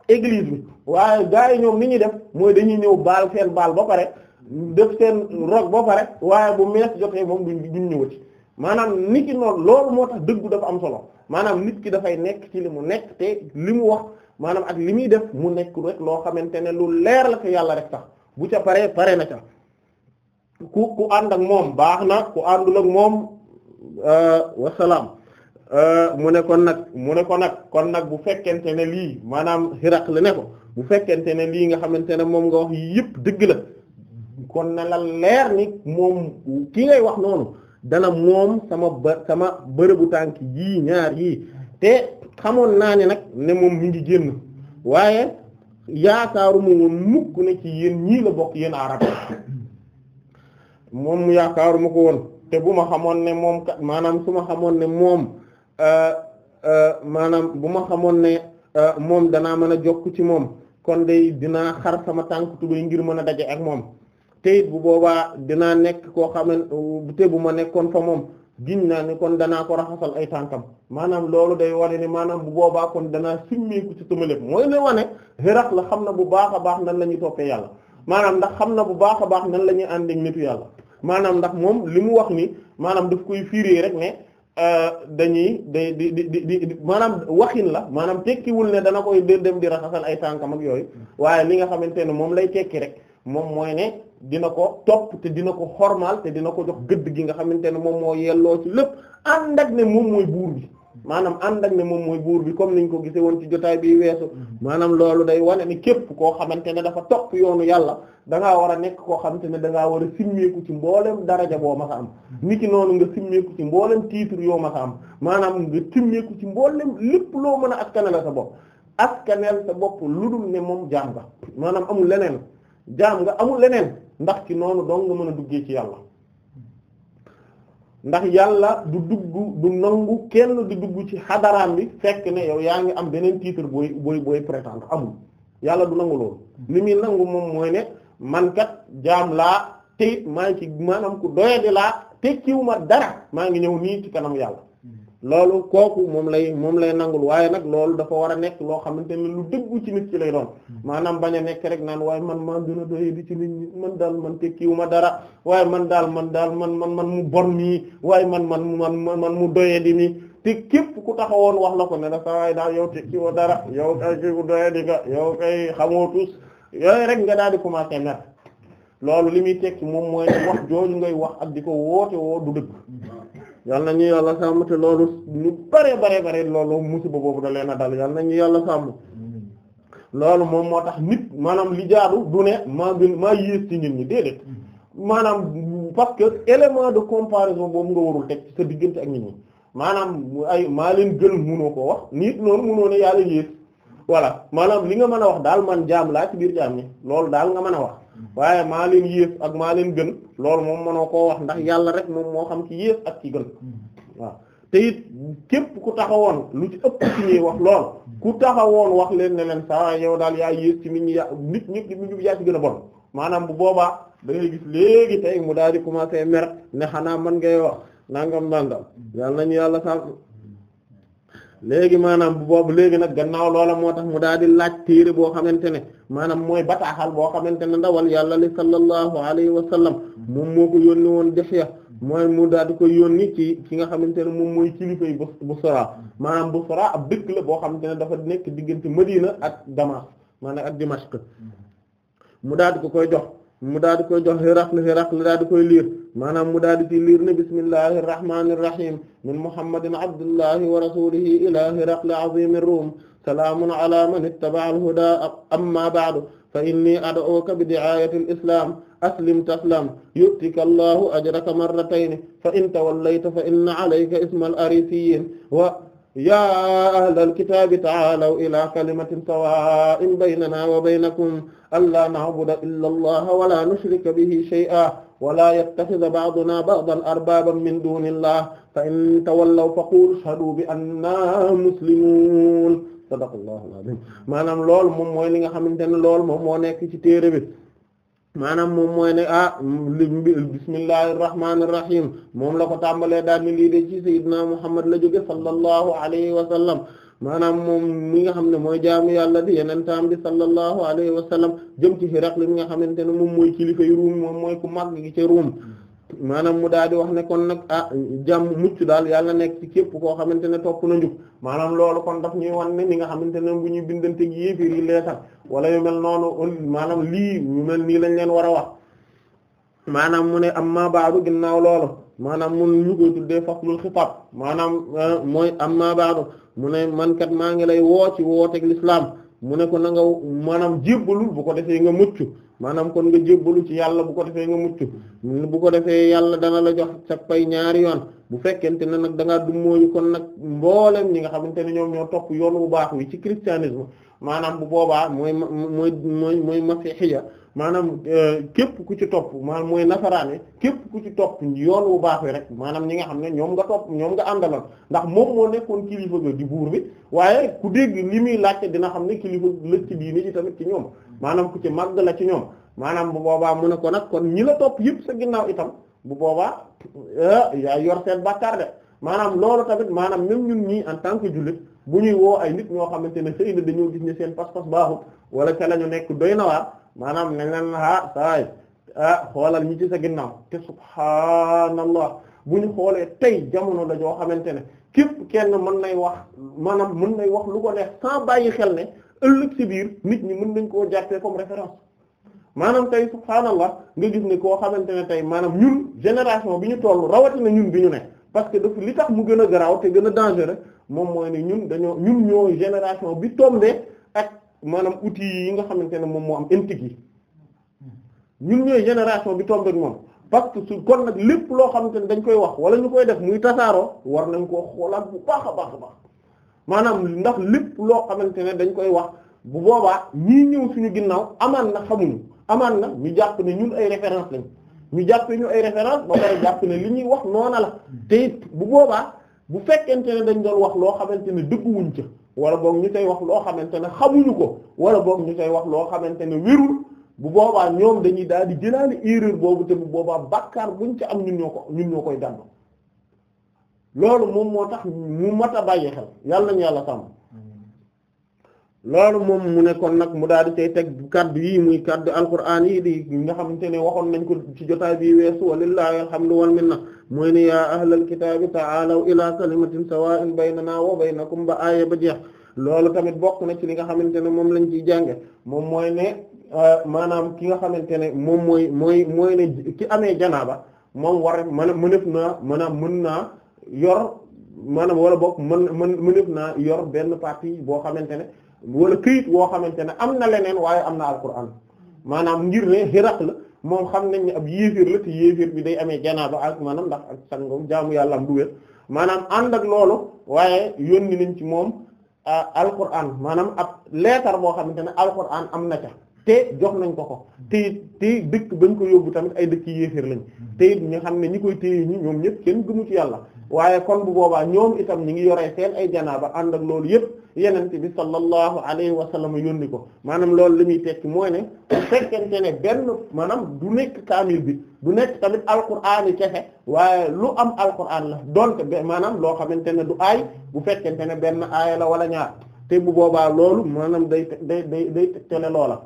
église bi waaye gars yi ñoom ni ñuy def mooy dañuy ñëw baal seen baal ba pare def seen rog ba pare waaye bu mees jotee moom duñ ñu ñëwati maanaam nit ki noonu loolu moo dëggu dafa am maanaam nit ki dafay nekk ci li mu nekk te li mu wax maanaam ak li muy def mu nekk rek loo xamante ne lu leer la ko yàlla rek tax bu ca paree pare na ca ku ku ànd ak moom baax na ku àndul ak moom euh, wasalaam Euh, mu ne kon nag mu ne ko nag kon nag bu fekkente ne lii maanaam xiraq la ne ko bu fekkente ne lii nga xamante ne moom nga wax yëpp dëgg la kon na la leer ni moom ki ngay wax noonu dana moom sama ba sama bërëbu tànk yii ñaar yii te xamoon naa ne nag ne moom mi ngi génn waaye yaakaaruma woon mukk ne ci yéen ñii bokk yéen arab moom yaakaaruma ko woon te bu ma xamoon ne moom kat maanaam ma xamoon ne moom Euh, euh, maanaam bu ma xamoon ne euh, moom danaa mën a jokk ci moom kon day dinaa xar sama tànk tubéy ngir mën a daje ak moom te bu boobaa dinaa nekk koo xam ne te bu ma nekkoon fa moom gin naa ni kon danaa ko raxasal ay tànkam maanaam loolu day wane ni maanaam bu boobaa kon danaa simmeeku ci sama lépp mooy la wane xërax la xam na bu baax a baax nan la ñuy toppee yàlla maanaam ndax xam na bu baax a baax nan la ñuy àndeeg nitu maanaam ndax moom li mu wax nii maanaam daf koy fiiree rek ne Euh, dañuy day di di di maanaam waxin la maanaam tekkiwul ne dana koy dem di raxasal ay tànkam ak yooyu waaye li nga xamante ne moom lay tekki rek moom mooy ne dina ko topp te dina ko xormaal te dina ko jox gëdd gi nga xamante ne moom moo yelloo ci lépp ànd ak ne moom mooy buur bi maanaam ànd ak ne moom mooy buur bi comme ni ñu ko gisee woon ci jotaay bi weesu mhm. maanaam loolu day wane ni képp koo xamante ne dafa topp yoonu yàlla da war a nekk koo xamante ne dangaa war a simmeeku ci mbooleem daraja boo ma sa am mhm. noonu nga simmeeku ci mboolem titre yoo ma sa am maanaam nga simmeeku ci mboolem lépp loo mën a askanale sa bopp askanel sa bopp lu dul ne moom jaam nga maanaam amul leneen jaam nga amul leneen ndax ci noonu dong nga mën a duggee ci yàlla ndax yàlla du dugg du nangu kenn di dugg ci xadaraam bi fekk ne yow yaa ngi am beneen titre booy booy booy amul yàlla du nangu loolu li muy nangu moom mooy ne man kat jaam laa te maa ngi ci maanaam ku doyadi laa tekkiwu ma dara maa ngi ñëw nii ci kanam yàlla loolu kooku moom lay moom lay nangul waaye nag loolu dafa war a nekk loo xamante ne lu dëggu ci nit ki lay doon hmm. maanaam bañ a nekk rek naan waaye man maa gën a di ci nit ñi man daal man tekkiwu ma dara waaye man daal man daal man man man mu bon mii waaye man man man man mu doye di mi te képp ku woon wax la ko ne la saa waay daal yow tekkiwu dara yow kay ku doye di nga yow kay xamoo tus yooyu rek nga daal di commencer mer loolu li muy tekki moom mooy wax jooju ngay wax ak di ko woote woo du dëgg hmm. yal na ñu yàlla sàmm te loolu ñu bare bare bare loolu musiba boobu da leen a dal yal na yàlla sàmm loolu moom moo tax nit maanaam li jaadu du ne maa gën maa yées ci nit ñi déedéet maanaam parce que élément de comparaison boobu nga warul teg sa diggante ak nit ñi maanaam ay maa leen gën munoo ko wax nit noonu munoo ne yàlla yées voilà maanaam li nga mën a wax daal man jaam laa ci biir jaam ñi loolu daal nga mën a wax waaye maa leen yées ak maa leen gën loolu moom mënoo koo wax ndax yàlla rek moom moo xam ci yées ak ci gën waaw te it képp ku taxawoon lu ci ëpp ci ñuy wax lool ku taxawoon wax leen ne leen saa yow daal yaa yées ci nit ñi yaa nit ñi nit ñi yaa ci gën a bon maanaam bu boobaa da ngay gis léegi tey mu daal di commencer mer ne xanaa man ngay wax nangam nangam yàlla yàlla sàmm léegi maanaam boobu léegi nag gannaaw loola moo tax mu daal di laaj téere boo xamante ne maanaam mooy bataaxal boo xamante ne ndawal yàlla li sallallahu alayhi wa sallam moom moo ko yónni woon ya mooy mu daal di ko yónni ci ki nga xamante ne moom mooy kilifay bu Busra maanaam Busra ab dëkk la boo xamante ne dafa nekk diggante Madina ak Damas maanaam ak Dimashq mu daal di ko koy jox mu daal di koy jox Hiraql Hiraql daal di koy liir maanaam mu daal di ci liir ne bismillahir rahmanir rahim min muhammadin abdullahi wa rasulihi ila Hiraql azimir rum salaamun ala man ittaba'al huda amma ba'du fa inni ad'uka bi di'ayatil islam aslim taslam yu'tika allahu ajraka marratayn fa in tawallayta fa inna alayka ismal arisiyin wa yaa ahlal kitaabi ta'aalaw ilaa kalimatin sawaa'in baynanaa wa baynakum allaa na'buda illa allaha wa laa nushrika bihi shay'an wa laa yattakhidha ba'dunaa ba'dan arbaaban min duunillaah fa in tawallaw faqulu ishhaduu bi annaa muslimuun sadaqallaahu al-'aziim maanaam lool moom mooy li nga xamante ne lool moom moo nekk ci téere bi maanaam moom mooy ne ah bismillahir rahmanir rahim moom la ko tàmbalee daal ni lii de ci sayyidina Muhammad la jóge sallallahu alayhi wa sallam maanaam moom mi nga xam ne mooy jaamu yàlla di yenentaam bi sallallahu alayhi wa sallam jëm ci Hiraql mi nga xamante ne moom mooy kilifa yu ruum moom mooy ku mag gi ci ruum maanaam mu daal di wax ne kon nag ah jàmm mucc daal yàlla nekk ci képp koo xamante ne topp na njub maanaam loolu kon daf ñuy wan ne ñi nga xamante ne bu ñuy bindante gi yéeféer yi leetar wala yu mel noonu maanaam lii yu mel nii lañ leen war a wax maanaam mu ne amma baadu ginnaaw loolu maanaam mun ñu ko tuddee faslul xitaab maanaam ah, mooy amma baadu mu ne man kat maa ngi lay woo ci wooteeg l'islam mu ne ko na nga maanaam jébbalul bu ko defee nga mucc maanaam kon nga jébbalu ci yàlla bu ko defee nga mucc bu ko defee yàlla dana la jox sa pay ñaari yoon bu fekkente ne nag da ngaa dummóoyu kon nag mboolem ñi nga xamante ne ñoom ñoo topp yoon bu baax wi ci christianisme maanaam bu boobaa mooy mooy mooy mooy masixiya maanaam euh, képp ku ci topp maanaam mooy nasaraane képp ku ci topp yoon wu baax wi rek maanaam ñi nga xam ne ñoom nga topp ñoom nga àndaloon ndax moom moo nekkoon kilifa ga di buur bi waaye ku dégg li muy laajte dina xam ne kilifa la ci diine ji tamit ci ñoom maanaam ku ci màgg la ci ñoom maanaam bu boobaa mu ne ko nag kon ñi la topp yëpp sa ginnaaw itam bu boobaa euh, yaa yor seen bàkkaar de maanaam loolu tamit maanaam même ñun ñii en tant que jullit bu ñuy woo ay nit ñoo xamante ne xëy na dañoo gis ne seen pas-pas wala ca ñu nekk doy na maanaam ne leen ah saay ah xoolal ñi ci sa ginnaaw te subhaanallah bu ñu xoolee tey jamono dañoo xamante ne képp kenn mën nay wax maanaam mën nay wax lu ko neex sans bàyyi xel ne ëllëg ci biir nit ñi mën nañ koo jàppee comme référence maanaam tey subhaanallah nga gis ne koo xamante ne tey maanaam ñun génération bi ñu toll rawatina ñun bi ñu ne parce que dafa li tax mu gën a garaaw te gën a dangereux moom mooy ne ñun dañoo ñun ñoo génération bi tombé ak. maanaam outils yi nga xamante ne moom moo am intique yi ñun ñooy génération bi tombe ak moom parce que su kon nag lépp loo xamante ne dañ koy wax wala ñu koy def muy tasaaroo war nañ koo xoolaat bu baax a baax a maanaam ndax lépp loo xamante ne dañ koy wax bu boobaa ñii ñëw suñu ginnaaw amaan na xamuñu amaan na ñu jàpp ne ñun ay référence lañ ñu jàpp ñu ay référence ba pare jàpp ne li ñuy wax noona la te bu boobaa bu fekkente ne dañ doon wax loo xamante ne dëgguwuñ ca wala boog ñu koy wax loo xamante ne xamuñu ko wala boog ñu koy wax loo xamante ne wérul bu boobaa ñoom dañuy daal di jëlaale erreur boobu te bu boobaa bàkkaar buñ ci am ñun ñoo ko ñun ñoo koy dànd loolu moom moo tax mu mat a bàyyi xel yàlla nañu yàlla sàmm loolu moom mu ne kon nag mu daal di tay teg kaddu yi muy kaddu alquran yi di nga xamante ne waxoon nañ ko ci jotaay bi weesu walillahi alhamdu wal minna mooy ne yaa ahlal kitaabi ta'aalaw ilaa kalimatin sawaa'in baynanaa wa baynakum ba aaya ba jeex loolu tamit bokk na ci li nga xamante ne moom lañ ciy jànge moom mooy ne euh, maanaam ki nga xamante ne moom mooy mooy mooy ki amee janaaba moom war man mënef naa maanaam mën naa yor maanaam wala bokk mën mën mënef naa yor benn partie boo xamante ne wala kayit woo xamante ne am na leneen waaye am na alquran maanaam ngir ne xiraq la moom xam nañ ne ab yéeféer la te yéeféer bi day amee janaaba ak maanaam ndax ak sangoom jaamu yàlla am du wér maanaam ànd ak loolu waaye yónni nañ ci moom ah, alquran maanaam ab leetar boo xamante ne alquran am na ca te jox nañ ko ko te te dëkk bañ ko yóbbu tamit ay dëkk yéeféer lañ te it ñu xam ne ñi koy téye ñi ñoom ñëpp kenn gëmu ci yàlla waaye kon bu boobaa ñoom itam ñi ngi yoree seen ay janaa ba ànd ak loolu yëpp yenente bi sallallahu alayhi wa sallam yónni ko maanaam loolu li muy tekki mooy ne fekkente ne benn maanaam du nekk kaamil bi du nekk tamit alquraan yi cexe waaye lu am alquraan la donte maanaam loo xamante ne du aay bu fekkente ne benn aaya la wala ñaar te bu boobaa loolu maanaam day day day day tegtale loola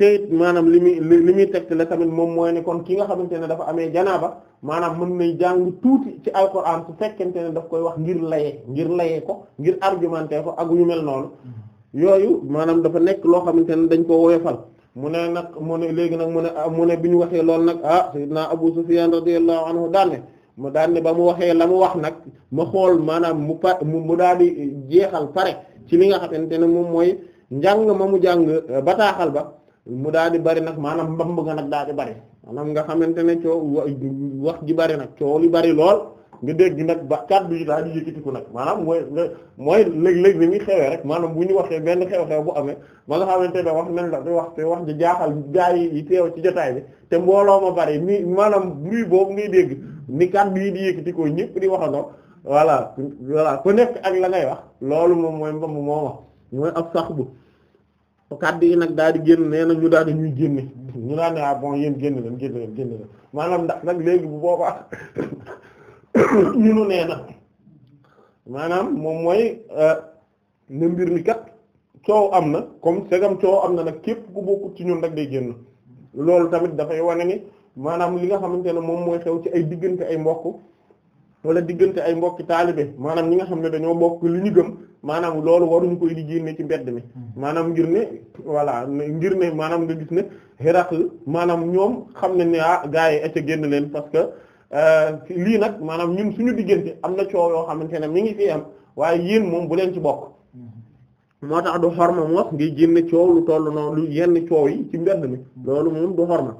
te maanaam li muy li muy tegtale tamit moom mooy ne kon ki nga xamante ne dafa amee janaaba maanaam mën nay jàng tuuti ci alquran su fekkente ne daf koy wax ngir layee ngir layee ko ngir argumenté ko ak yu mel noonu mm-hmm. yooyu maanaam dafa nekk loo xamante ne dañ ko woyofal mu ne nag mu ne léegi nag mu ne ah, mu ne bi ñu waxee loolu nag ah sayyidina Abu Sufyan radiyallahu anhu daanne mu daanne ba mu waxee la mu wax nag ma xool maanaam mu pa mu daal di jeexal pare ci li nga xamante ne moom mooy njàng ma mu jàng bataaxal ba mu daal di bari nag maanaam mbamb nga nag daal di bari maanaam nga xamante ne coow wax ji bari nag coow li bari lool nga dégg nag ba kàddu yi daal di yëkkatiku nag maanaam mooy mooy léeg-léeg li muy xewee rek maanaam bu ñu waxee benn xew-xew bu amee ba nga xamante ne wax nañ la di wax te wax ji jaaxal gaa yi teew ci jotaay bi te mbooloo ma bari ni maanaam bruit boobu ngay dégg ni kàddu yi di yëkkatikoo ñëpp di wax waxandoo voilà voilà ku nekk ak la ngay wax loolu moom mooy mbamb moo wax mooy kàddu yi nag daal di génn nee na ñu daal di ñuy génne ñu daal ne ah bon yéen génn leen génn leen maanaam ndax nag léegi bu boobaa ñu nu nee na maanaam moom mooy euh, ne mbir mi kat coow am na comme segam coow am na nag képp ku bokkut ci ñun rek day génn loolu tamit dafay wane ni maanaam li nga xamante na moom mooy xew ci ay diggante ay mbokku wala diggante ay mbokki taalibe maanaam ñi nga xam ne dañoo mbokk li ñu gëm maanaam loolu waruñu koy di génne ci mbedd mi hmm. maanaam ngir ne voilà ngir ne maanaam nga gis ne Héraclius maanaam ñoom xam nañ ne ah gars yi acca génn leen parce que euh, lii nag maanaam ñun suñu diggante am na coow yoo xamante ne mi ngi fi am waaye yéen moom bu leen ci bokk hmm. moo tax du xorma moos ngi génne coow toll noonu lu yenn coow yi ci mbedd mi hmm. loolu moom du xorma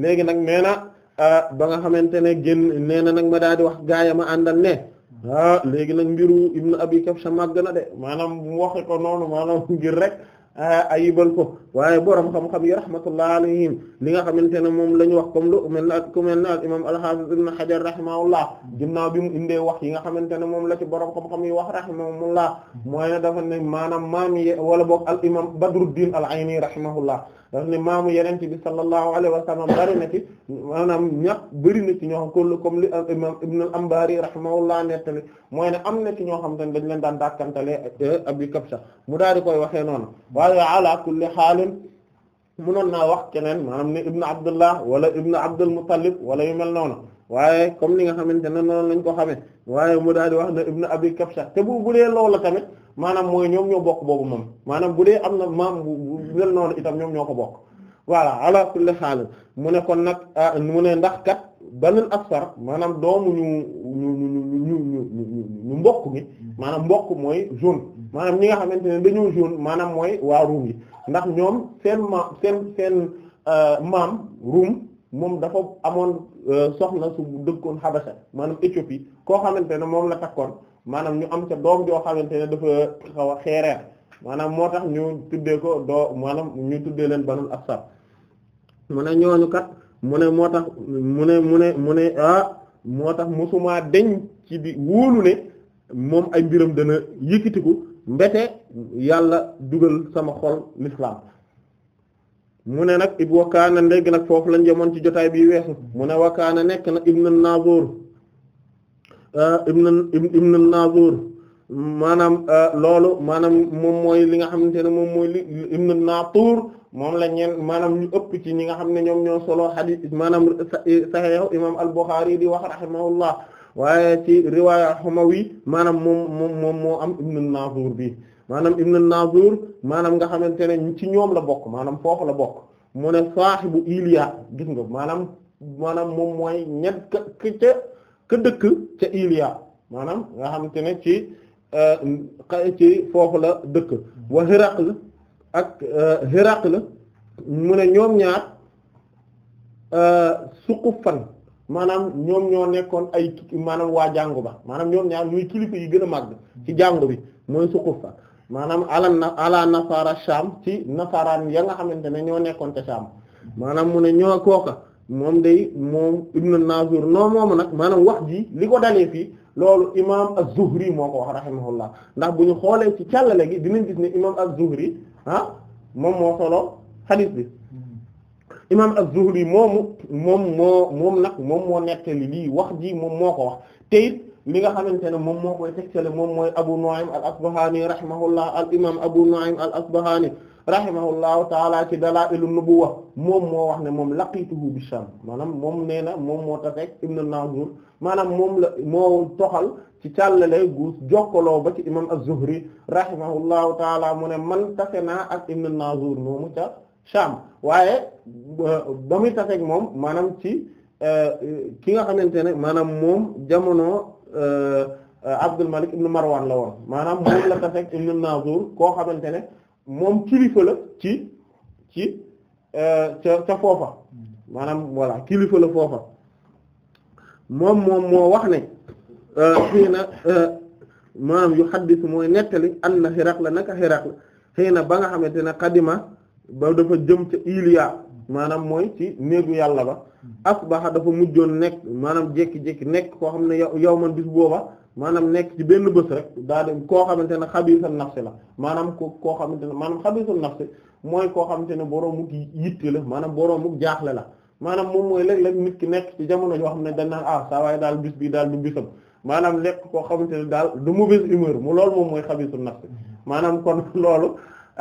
léegi nag nee na Ah, ba nga xamante ne génn nee na nag ma daal di wax gaaya ma àndal ne ah léegi nag mbiru ibnu abi kabsha màgg na de maanaam mu waxe ko noonu maanaam ngir rek ah, ayibal ko waaye borom xam-xam yi rahmatullah alayhim li nga xamante ne moom la ñu wax comme lu mel na ku mel na al imam al-hafiz ibn hajar rahimahullah ginnaaw bi indee wax yi nga xamante ne moom la ci borom xam-xam yi wax rahimahullah mooy ne dafa ne maanaam maam ye wala boog al imam badruddin al ayni rahimahullah daf ne maamu yenente bi sallallahu alayhi wa sallam bari na ci maanaam ñax bëri na ci ñoo xam kullu comme li imam ibn al-Ambari rahimahullah nettali mooy ne am na ci ñoo xam te ne dañ leen daan dàkkantale euh, Abi Kabsha mu daal di koy waxee noonu waaye ala kulli xaalin mënoon naa wax keneen maanaam ne ibn Abdullah wala ibn Abdul Muttalib wala yu mel noonu waaye comme ni nga xamante ne noonu lañ ko xamee waaye mu daal di wax ne ibn Abi Kabsha te bu bu dee loolu tamit maanaam mooy ñoom ñoo bokk boobu moom maanaam bu dee am na maam bu mel noonu itam ñoom ñoo ko bokk voilà ala kulli xaal mu ne kon nag ah, mu ne ndax kat banul absar maanaam doomu ñu ñu ñu ñu ñu ñu mbokk gi maanaam mbokk mooy jaune maanaam ñi nga xamante ne dañoo jaune maanaam mooy waa ruum yi ndax ñoom seen maam seen seen euh, maam ruum moom dafa amoon euh, soxna su dëkkoon Habasha maanaam Éthiopie koo xamante ne moom la takkoon. maanaam ñu am ca doom joo xamante ne dafa xaw xeereer maanaam moo tax ñu tuddee ko doo maanaam ñu tuddee leen banul absar mu ne ñooñu mu ne moo tax mu ne mu ne mu ne ah moo tax mosuma deñ ci di wóolu ne moom ay mbiram dana yëkkitiku mbete yàlla dugal sama xol l'islam mu ne nag ib wakaana ndégg nag foofu lañ jamoon ci jotaay bi weesu mu ne wakaana nekk nag na ibnu nazur Ah, ibn ibn an-Nazur maanaam ah, loolu maanaam moom mooy li nga xamante ne moom mooy li ibn an moom la ñeen maanaam ñu ëpp ci ñi nga xam ne ñoom ñoo solo hadith maanaam Sahih imam al-Bukhari di wax rahimahullah waaye ci riwaaya wi maanaam moom moom moom moo am ibn an-Nazur bi maanaam ibn an-Nazur maanaam nga xamante ne ci ñoom la bokk maanaam foofu la bokk mu ne gis nga maanaam moom mooy ñett ca ka dëkk ca Iliya maanaam nga xam te ne euh, ci foofu la dëkk wa Hiraql la euh, Hiraql mu ne ñoom ñaar euh, suqufan maanaam ñoom ñoo nekkoon ay maanaam waa jàngu ba maanaam ñoom ñaar ñuy kilifa yi gën a màgg ci jàngu bi mooy suqufan maanaam ala na ala nasaara ci nasaaraan ya nga xamante ne ñoo nekkoon te Sham maanaam mu ne ñoo kooka moom day moom Ibn Nazur noo moomu nag maanaam wax ji li ko dalee fii loolu imaam az-Zuhri moo ko wax rahimahullah ndax bu ñu xoolee ci càllale gi dina gis ne imaam az-Zuhri ah moom moo solo xadiis bi imaam az-Zuhri moomu moom moom nag moom moo nettali lii wax ji moom moo ko wax te it li nga xamante ne moom moo koy tegtale moom mooy Abu Nu'aym al-Asbahani rahimahullah al imaam Abu Nu'aym al-Asbahani rahimahullahu taala ci dalaa'ilu nubuwwa moom moo wax ne moom laqituhu bi Sham maanaam moom nee na moom moo tax rek Ibn an-Nazir maanaam moom la moo toxal ci càllale gu jokkaloo ba ci imam az-Zuhri rahimahullahu taala mu man tase naa ak Ibn an-Nazir moomu ca Sham waaye ba muy taseeg moom maanaam ci eh, ki nga xamante ne maanaam moom jamono eh, Abdul Malik ibn Marwan la woon maanaam moom la taseeg Ibn an-Nazir koo xamante moom kilifa la ci ci euh, ca ca foofa hmm. maanaam voilà kilifa la foofa moom moom moo wax ne euh, xëy na euh, maanaam yu xaddis mooy nettali an na xiraq la naka xiraq xëy na ba nga xamante ne xadima ba dafa jëm ca Iliya maanaam mooy ci néegu yàlla ba hmm. asbaxa dafa mujjoon nekk maanaam jékki-jékki nekk koo xam ne yow man bis booba maanaam nekk ci benn bés rek daa dem koo xamante ne xabiisul nafsi la maanaam ko koo xamante ne maanaam xabiisul nafsi mooy koo xamante ne boroomuk yitte la maanaam boroomuk jaaxle la maanaam moom mooy léeg-léeg nit ki nekk ci jamono joo xam ne dañ naan ah saa waaye daal bis bi daal du bisam maanaam nekk koo xamante ne daal de mauvaise humeur mu lool moom mooy xabiisul nafsi maanaam kon loolu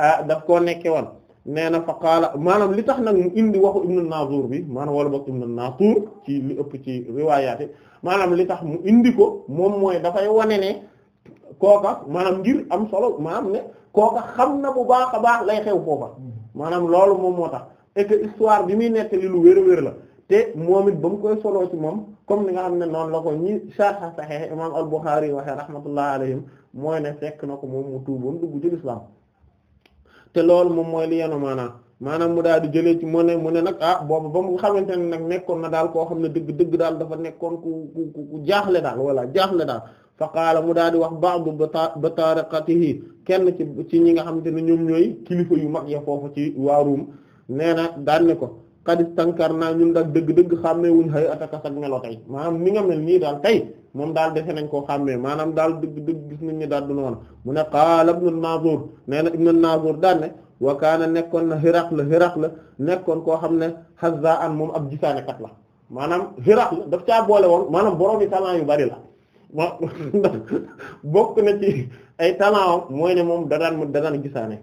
ah daf koo nekkee woon nee na fa qaala maanaam li tax nag mu indi waxu ibnu Nazuur bi maanaam wala boog ibnu Naatuur ci li ëpp ci riwaayaat maanaam li tax mu indi ko moom mooy dafay wane ne kooka maanaam ngir am solo maanaam ne kooka xam na bu baax a baax lay xew foofa maanaam loolu moom moo tax et que histoire bi muy nettali lu wér a la te moom it ba mu koy soloo ci moom comme ni nga xam ne noonu la ko ñi sarxa Sahih imam al-Bukhari waxe rahmatullah alayhim mooy ne fekk na ko moom mu tuuboon dugg ci lislaam te loolu moom mooy li yenu maanaam maanaam mu daal di jëlee ci mu ne mu ne nag ah boobu ba mu xamante ne nag nekkoon na daal koo xam ne dëgg dëgg daal dafa nekkoon ku ku ku jaaxle daal walla jaaxle daal fa qaala mu daal di wax ba ba ba'du batariqatihi kenn ci ci ñi nga xamante ne ñoom ñooy kilifa yu mag ya foofu ci waarum nee na daal ne ko. xadis tànkar naa ñun daal dëgg-dëgg xàmmee wuñ xëy atakas ak melo tey maanaam ni nga mel nii daal tey moom daal defe nañ koo xàmmee maanaam daal dëgg-dëgg gis nañ ni daal du noonu mu ne qaala ibnu Naazur nee na ibnu Naazur daal ne wa kaana nekkoon na Hiraqla Hiraqla nekkoon koo xam ne xazaa'an moom ab gisaanekat la maanaam Hiraqla daf caa boole woon maanaam boroomi talent yu bari la bokk na ci ay talent mooy ne moom da daan da daan gisaane.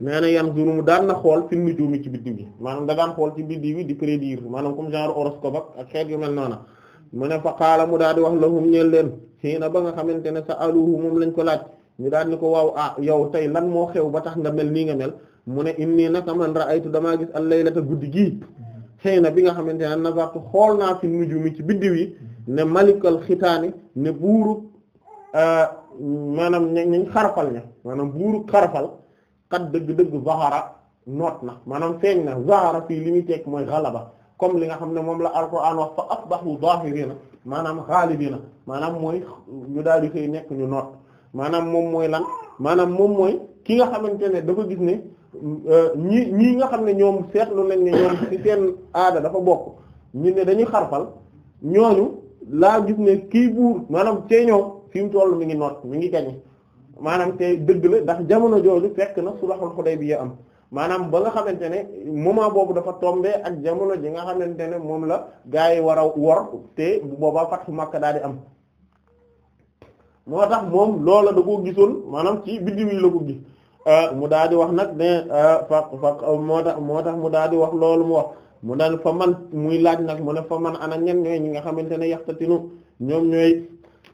nee na yan zuru mu daan na xool fi nujumi ci biddiw bi maanaam da daan xool ci biddiw bi di prédire maanaam comme genre horoscope ak xeet yu mel noona mu ne fa qaala mu daal di wax lahum ñeel leen xii na ba nga xamante ne sa aluhu moom lañ ko laat ñu daan ni ko waaw ah yow tey lan moo xew ba tax nga mel nii nga mel mu ne inni naka man ra'aytu damaa gis al-laylata guddi gii xëy na bi nga xamante ne nazartu xool naa fi nujumi ci biddiw yi ne malikal xitaani ne buuru euh, maanaam ñañ xarafal ña maanaam buuru kat dëgg-dëgg zahara noot na maanaam feeñ na zahara fii li muy teg mooy ghalaba comme li nga xam ne moom la alquran wax fa asbahu zahirina maanaam ghalibina maanaam mooy ñu daal di koy nekk ñu noot maanaam moom mooy lan maanaam moom mooy ki nga xamante ne dafa gis ne euh, ñi ñii nga xam ne ñoom seetlu nañ ne ñoom ci seen aada dafa bokk ñu ne dañuy xarfal ñooñu laa gis ne kii buur maanaam cee ñoom fi mu toll mu ngi noot mu ngi gañe maanaam te dëgg la ndax jamono jooju fekk na sulhul Hudaybiya am maanaam ba nga xamante ne moment boobu dafa tombé ak jamono ji nga xamante ne moom la gaa yi war a wor te bu boobaa fathu Makka daal di am moo tax moom loola da koo gisoon maanaam ci biddiw yi la ko gis euh, mu daal di wax nag ne euh, fa fa moo tax moo tax mu daal di wax loolu mu wax mu daal fa man muy laaj nag mu ne fa man ana ñen ñooy ñi nga xamante ne yaxtatinu ñoom ñooy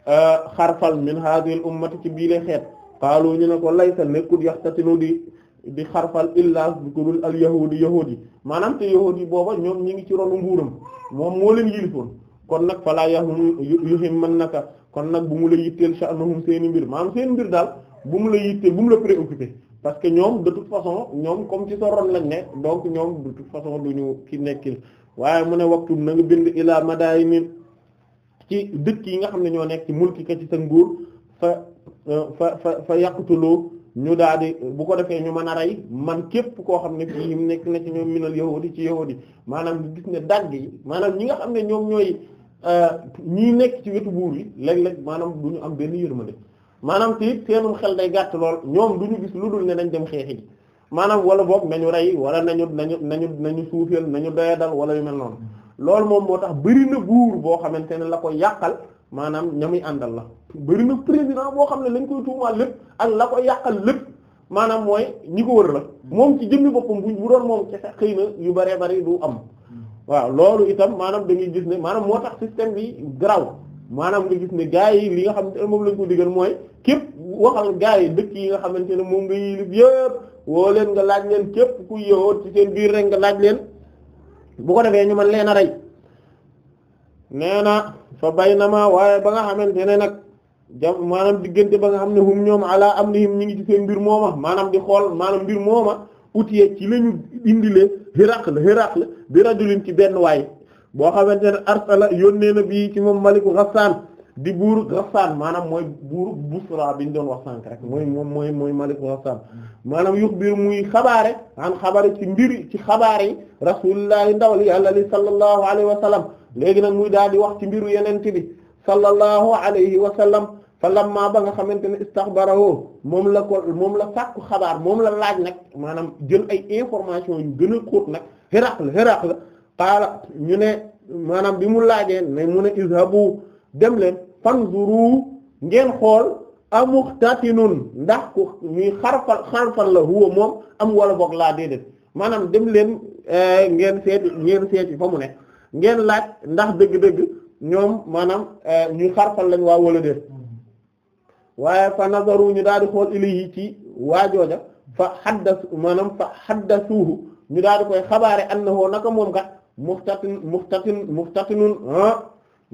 xarfal min hadhihi al ummati ci biile xeet xaalu ñu ne ko laysa nekkul yaxtatinu di di xarfal illa bikurul al yahudi yahudi maanaam te yahudi booba ñoom ñi ngi ci ronu nguuram moom moo leen yilifoon kon nag falaa yahum yuhim man naka kon nag bu mu la yitteel sha'nuhum seen i mbir maanaam seen mbir daal bu mu la yitteel bu mu la préoccupé parce que ñoom de toute façon ñoom comme ci sa ron lañ ne donc ñoom de toute façon du ñu ki nekkil waaye ci dëkk yi nga xam ne ñoo nekk ci mulki ka ci sa nguur fa euh, fa fa fa yàqutuloo ñu daal di bu ko defee ñu mën a rey man képp koo xam ne fii nekk na ci ñoom minal yahudi ci yahudi maanaam gis ne dagg yi maanaam ñi nga xam ne ñoom ñooy euh, ñii nekk ci wetu buur yi léeg-léeg maanaam du ñu am benn yërmande maanaam te it seenum xel day gàtt lool ñoom du ñu gis lu dul ne nañ dem xeexi ji maanaam wala boog nañu rey wala nañu nañu nañu nañu suufeel nañu doyadal wala yu mel noonu loolu moom moo tax bëri na buur boo xamante ne la ko yàqal maanaam ñamuy àndal la bëri na président boo xam ne lañ koy tuumaal lépp ak la ko yàqal lépp maanaam mooy ñi ko wër la moom ci jëmmi boppam bu bu doon moom kese xëy na yu bëree bari du am waaw loolu itam maanaam da ngay gis ne maanaam moo tax système bi graw maanaam nga gis ne gars yi li nga xamante ne moom lañ ko digal mooy képp waxal gars yi dëkk yi nga xamante ne moom nga yilif yëpp woo leen nga laaj leen képp ku yeewoo ci seen biir rek nga laaj leen bu ko defee ñu man leen a rey nee na fa bay na ma waaye ba nga xamante ne nag jam maanaam diggante ba nga xam ne hum ñoom ala am nihim ñi ngi ci mbir mooma maanaam di xool maanaam mbir mooma utiye ci leen la ñu indile Hiraql Hiraql bi rajulin ci benn waay boo xamante ne arsala yónnee na bii ci moom maliku Ghassan di buuru Ghassan maanaam mooy buuru Busra bi ñu doon wax sànq rek mooy moom mooy mooy Malik Ghassan maanaam yuxbir muy xabaare an xabaare ci mbiri ci xabaare yi rasuulullahi ndawal yàlla li sallallahu alayhi wa sallam léegi nag muy daal di wax ci mbiru yenente bi sallallahu alayhi wa sallam fa lamma ba nga xamante ne istaxbarahu moom la ko moom la sàkku xabaar moom la laaj nag maanaam jël ay information yu gën a xóot nag Hiraql Hiraql qaala ñu ne maanaam bi mu laajee ne mu ne izhabu dem leen fanzuru ngeen xool amuxtatinun ndax ku ñuy xarfal xarfal la huwa moom am wala boog laa déedéet maanaam dem leen eh, ngeen seeti ngeen seeti fa mu ne ngeen laaj ndax dëgg-dëgg ñoom maanaam eh, ñuy xarfal lañ waa wala déet waaye fa nazaru ñu daal di xool ili yi ci waajooja fa xaddas maanaam fa xaddasuuhu ñu daal koy xabaare annahu naka moom kat muxtatin muxtatin muxtatinun ah,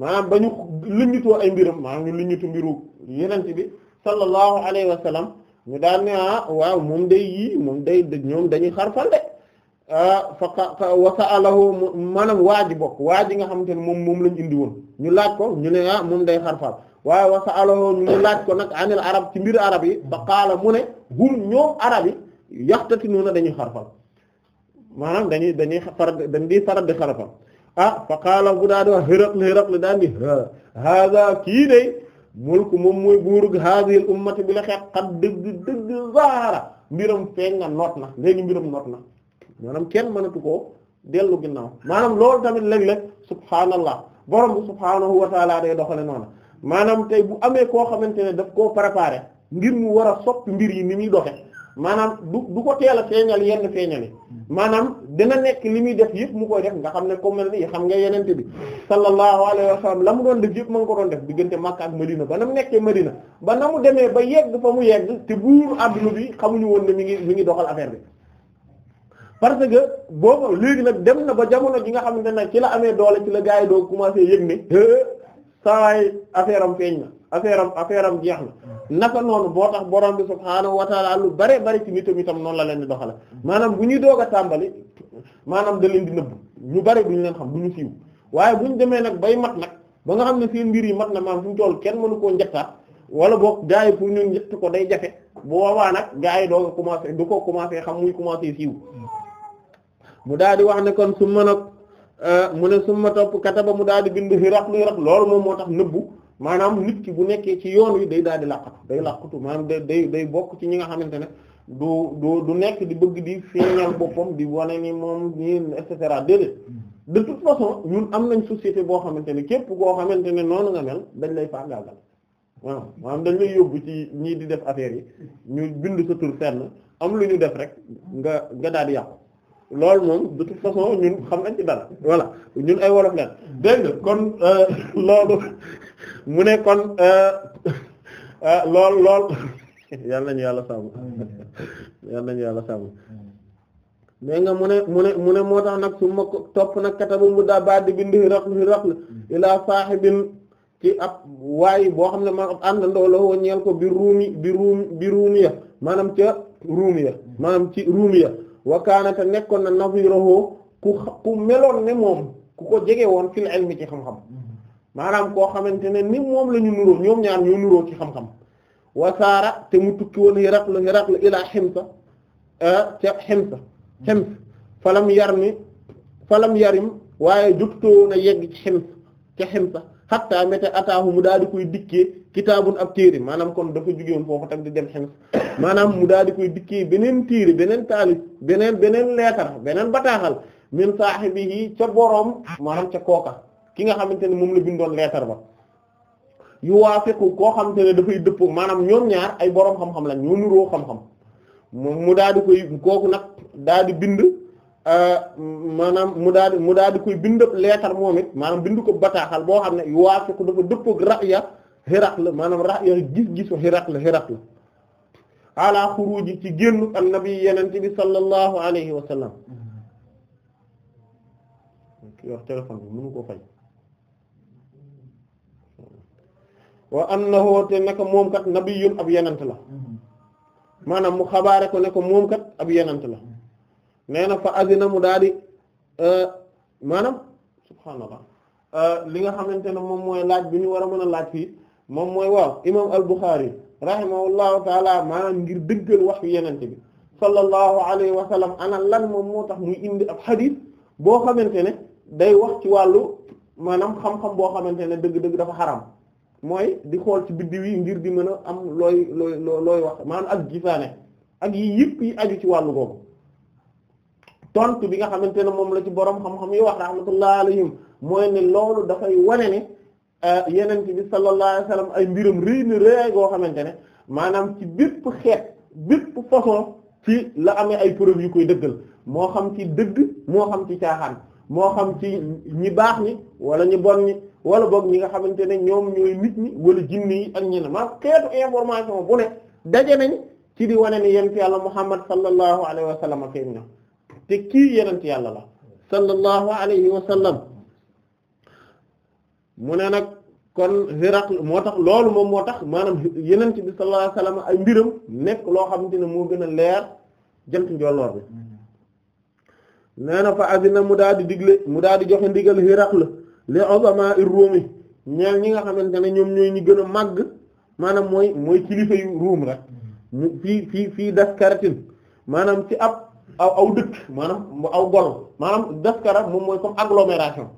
maanaam ba ñu liññitoo ay mbiram maanaam ñu liññitu mbiru yenente bi sallallahu alayhi wa sallam ñu daan ne ah waaw moom day yii moom day ñoom dañuy xarfal de ah, fa wasaalahu waa ji bokk waa ji nga xamante ne moom moom lañu indi woon ñu laaj ko ñu ne ah moom day xarfal waaye wasaalahu ñu laaj ko nag anil arab ci mbiru arab yi ba qaala mu ne hum ñoom arab yi yaxtati noona dañuy xarfal maanaam dañuy dañuy fara dañ di faral di xarfal ah fa qaala bu daa di wax Hiraql Hiraql daan di ah, hada kii day mulku moom mooy buurug hadhihi al ummati bi la xeex xat dëgg dëgg zahara mbiram feeñ na noot na léegi mbiram noot na maanaam kenn mënatu koo dellu ginnaaw maanaam loolu tamit léeg-léeg subhaanallah borom bi subhaanahu wa taala day doxale noonu maanaam tey bu amee koo xamante ne daf koo préparé ngir mu war a soppi mbir yi ni muy doxe maanaam du du ko teel a feeñal yenn feeñal yi hmm. maanaam dina nekk li muy def yëpp mu koy def nga xam ne comme mel ni xam nga yenente bi sallallahu alayhi wa sallam la mu doon def yëpp ma ko doon def diggante Makka ak Madina ba na mu nekkee Madina ba na mu demee ba yegg fa mu yegg te buuru adduna bi xamuñu woon ne mi ngi mi ngi doxal affaire bi parce que boobu léegi nag dem na ba jamono ji nga xamante ne ci la amee doole ci la gaa yi doo commencé yëg ne saa affaire am feeñ na affaire am affaire am jeex na naka noonu boo tax borom bi subhaanahu wa taala lu bare bari ci nitam itam noon la leen di doxale maanaam bu ñuy doog a tàmbali maanaam da leen di nëbb ñu bare ñu leen xam du ñu siiw waaye bu ñu demee nag bay mat nag ba nga xam ne seen mbir yi mat na maam fu ñu kenn mënu koo njettaat wala boog gars pour ñun njett ko day jafe boobaa nag gars yi doog a commencé du ko commencé xam muy commencé siiw daal di wax ne kon su ma nag euh, mu ne su ma topp kataba mu daal di bind xiraq lu xiraq loolu moom moo tax nëbbu maanaam nit ki bu nekkee ci yoon yi day daal di làqatu day làqatu maanaam day day day bokk ci ñi nga xamante ne du du du nekk di bëgg di feeñal boppam di wane ni moom ñii et cetera déedéet hmm. de toute façon ñun am nañ société boo xamante ne képp koo xamante ne noonu nga mel dañ lay faagaagal waaw maanaam dañ lay yóbbu ci ñii di def affaire yi ñu bind sa tur fenn am lu ñu def rek nga nga daal di yàqu loolu moom de toute façon ñun xam nañ ci dara voilà ñun ay wolof leen dégg nga kon euh, mu ne kon euh, euh, lool lool yal nañu yàlla sàmm yal nañu yàlla sàmm mais nga mu ne mu ne mu ne moo tax nag su ma topp nag katabu mu daa ba di bind raql raql mm. ilaa saahibin ci ab waay boo xam ne ma ab àndandoo la ñeel ko bi ruumi bi ruum bi ruumiya maanaam ca ruumiya mm. maanaam ci ruumiya wakaanate nekkoon na nafirohoo ku ku meloon ne moom ku ko jege woon fil ilmi ci xam-xam mm. maanaam koo xamante ne ni moom la ñu nuróo ñoom ñaar ñu nuróo ci xam-xam wasaara te mu tukki woon Hiraqla Hiraqla ilaa Himsa ah, ca Himsa Hims falam yar ni falam yarim waaye jugtowoon a yegg ci Hims ca Himsa hatta mete ataahu mu daal di koy dikkee kitaabun ab téere maanaam kon dafa jugewoon foofu tam di dem Hims maanaam mu daal di koy dikkee beneen téere beneen taalif beneen beneen leetar beneen bataaxal min saahibihi ca boroom maanaam ca kooka ki nga xamante ne moom la bindoon leetar ba yu waafiqu koo xam xamante ne dafay dëpp maanaam ñoom ñaar ay boroom xam-xam lañ ñoo nuroo mu daal di koy kooku nag daal di bind euh, maanaam mu daal di mu daal di koy bind leetar moom maanaam bind ko bataaxal boo xam ne yu waafiqu dafa dëpp ak ra'ya Hiraql maanaam ra'ya gis-gisu Hiraql Hiraql ala xuruji ci génnu an yeneen bi sallallahu alayhi wa sallam mm-hmm. ki wax téléphone bi mënu ko wa annahu te naka moom kat nabiyyun ab yenent la maanaam mu xabaare ko ne ko moom kat ab yenent la nee na fa azina mu daal di euh, maanaam subhaanallah euh, li nga xamante ne moom mooy laaj bi ñu war a mën a laaj fii moom mooy waaw imam al-Bukhari rahimahullahu taala maanaam ngir dëggal wax yu yenente bi sallallahu alayhi wa sallam ana lan moom moo tax muy indi ab xadiis boo xamante ne day wax ci wàllu maanaam xam-xam boo xamante ne dëgg-dëgg dafa xaram mooy di xool ci biddiw yi ngir di mën a am looy looy looy wax maanaam ak gisaane ak yi yëpp yi aju ci wàllu boobu tontu bi nga xamante ne moom la ci borom xam-xam yi wax rahmatullah alayhim mooy ne loolu dafay wane ne euh, yeneen bi sallallahu alayhi wasallam ay mbiram rëy na rëy goo xamante ne maanaam ci bépp xeet bépp façon ci la amee ay preuve yu koy dëggal moo xam ci dëgg moo xam ci caaxaan moo xam ci ñi baax ñi wala ñi bon ñi wala boog ñi nga xamante ne ñoom ñooy nit ñi wala jinne yi ak ñeneen maanaam xeetu information bu ne daje nañ ci di wane ni yonent yàlla Muhammad sallallahu alayhi wa sallam feeñ na te kii yonent yàlla la sallallahu alayhi wa mu ne nag kon Hiraql moo tax loolu moom moo tax maanaam yonent bi sallallahu alayhi ay mbiram nekk loo xamante ne moo gën a leer jant njolloor bi mm-hmm. nee na fa azina mu daal di digle mu daal di joxe ndigal la li uzama ar ñeel ñi nga xamante ne ñoom ñooy ñi gën a màgg maanaam mooy mooy kilifa yu ruum rek mu fii fii fii daskaratin maanaam ci ab aw aw dëkk maanaam aw gol maanaam daskara moom mooy comme agglomération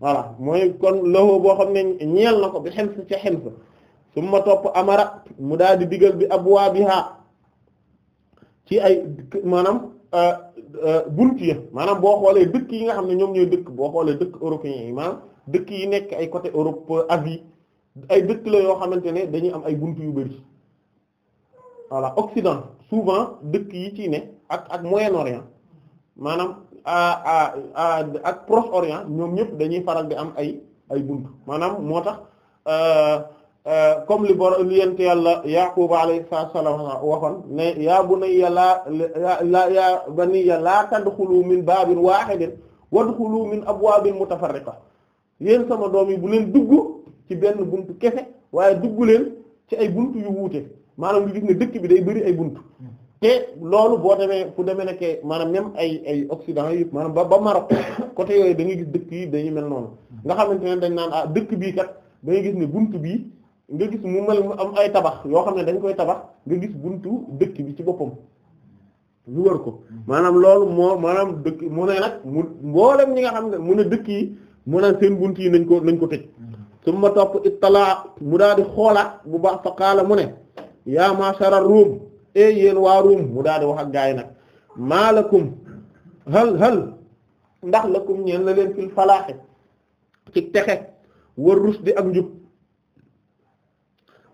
voilà mooy kon loxo boo xam ne ñeel na ko bi xems ci xems summa topp amara mu daal di digal bi abwaabiha ci ay maanaam bunt euh, euh, ya maanaam boo xoolee dëkk yi nga xam ne ñoom ñooy dëkk boo xoolee dëkk européens yi maanaam dëkk yi nekk ay côté Europe Asie ay dëkk la yoo xamante ne dañuy am ay bunt yu bari voilà Occident souvent dëkk yi ci ne ak ak Moyen-Orient maanaam a a ak Proche-Orient ñoom ñëpp dañuy faral di am ay ay bunt maanaam moo tax euh, Euh, comme li bor li yent yàlla yaqub alayhi salaam waxoon ne yaa bunayya laa laa yaa bunayya laa tadxulu min baabin waahidin wadxulu min abwaabin mutafarriqa yéen sama doom yi bu leen dugg ci benn buntu kese waaye dugg leen ci ay buntu yu wuute maanaam lu gis ne dëkk bi day bëri ay buntu te loolu boo demee fu demee nekkee maanaam même ay ay Occident yi maanaam ba ba Maroc côté yooyu da ngay gis dëkk yi dañuy mel noonu nga xamante ne dañ naan ah dëkk bii kat da ngay ne buntu bii nga gis mu mel am ay tabax yoo xam ne dañ koy tabax nga gis buntu dëkk bi ci boppam ñu wër ko maanaam loolu moo maanaam dëkk mu ne nag mu mboolem ñi nga xam ne mu ne dëkk yi mu ne seen bunt yi nañ ko nañ ko tëj su ma topp ittala mu daal di xoolaat bu baax fa qaala mu ne yaa ma'shara Ruum e yéen waa Ruum mu daal di wax ak gaa yi nag maa lakum hal hal ndax lakum ñeen la leen fil falaaxe ci texe war rus di ak njub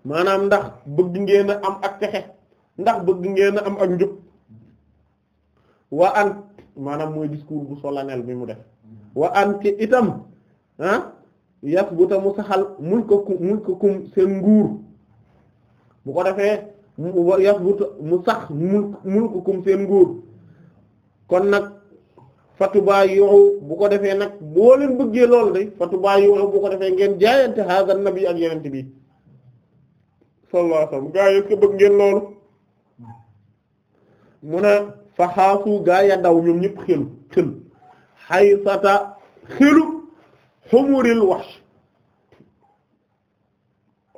maanaam ndax bëgg ngeen a am ak texe ndax bëgg ngeen a am ak njub waa an maanaam mooy discours bu solennel bi mu def waa an ci itam ah yas bu ta mu saxal mulkakum mulkakum seen nguur bu ko defee yas bu ta mu sax mulkakum seen nguur kon nag fatubaa yoxu bu ko defee nag boo leen bëggee loolu day fatubaa yoxu bu ko defee ngeen jaayante na nabi ak yenente bi sallallahu alayhi wasallam gaa yi ko bëgg ngeen loolu mu ne faxaasu gaa ya daw ñoom ñëpp xelu xël xaysata xelu xumuril wahsh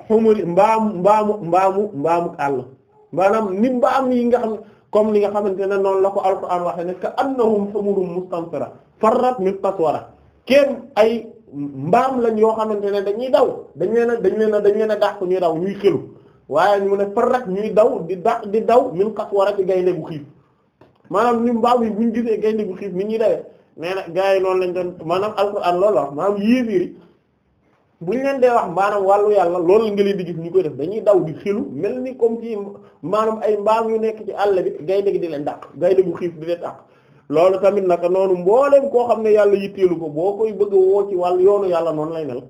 xumuri mbaamu mbaamu mbaamu mbaamu àll maanaam ni mbaam yi nga xam comme li nga xamante ne noonu la ko alquran waxe ne ka annahum humurum mustanfira farrat min qaswara kenn ay mbaam lañ yoo xamante ne dañuy daw dañ leen a dañ leen a dañ leen a dàq ñuy daw ñuy xelu waaye ñu ne par rek ñuy daw di da di daw min qaswara ci gaynde bu xiif maanaam ñu mbaam yi bu ñu gisee gaynde gu xiif nit ñuy dawee nee na gars yi noonu lañ doon maanaam alxuraan loolu wax maanaam bu ñu leen dee wax maanaam wàllu yàlla loolu nga leen di gis ñu koy def dañuy daw di xilu mel ni comme ci maanaam ay mbaam yu nekk ci àll bi gaynde gi di leen dàq gaynde gu xiif di leen dàq loolu tamit naka noonu mbooleem koo xam ne yàlla yitteelu ko boo koy bëgg woo ci wàllu yoonu yàlla noonu lay mel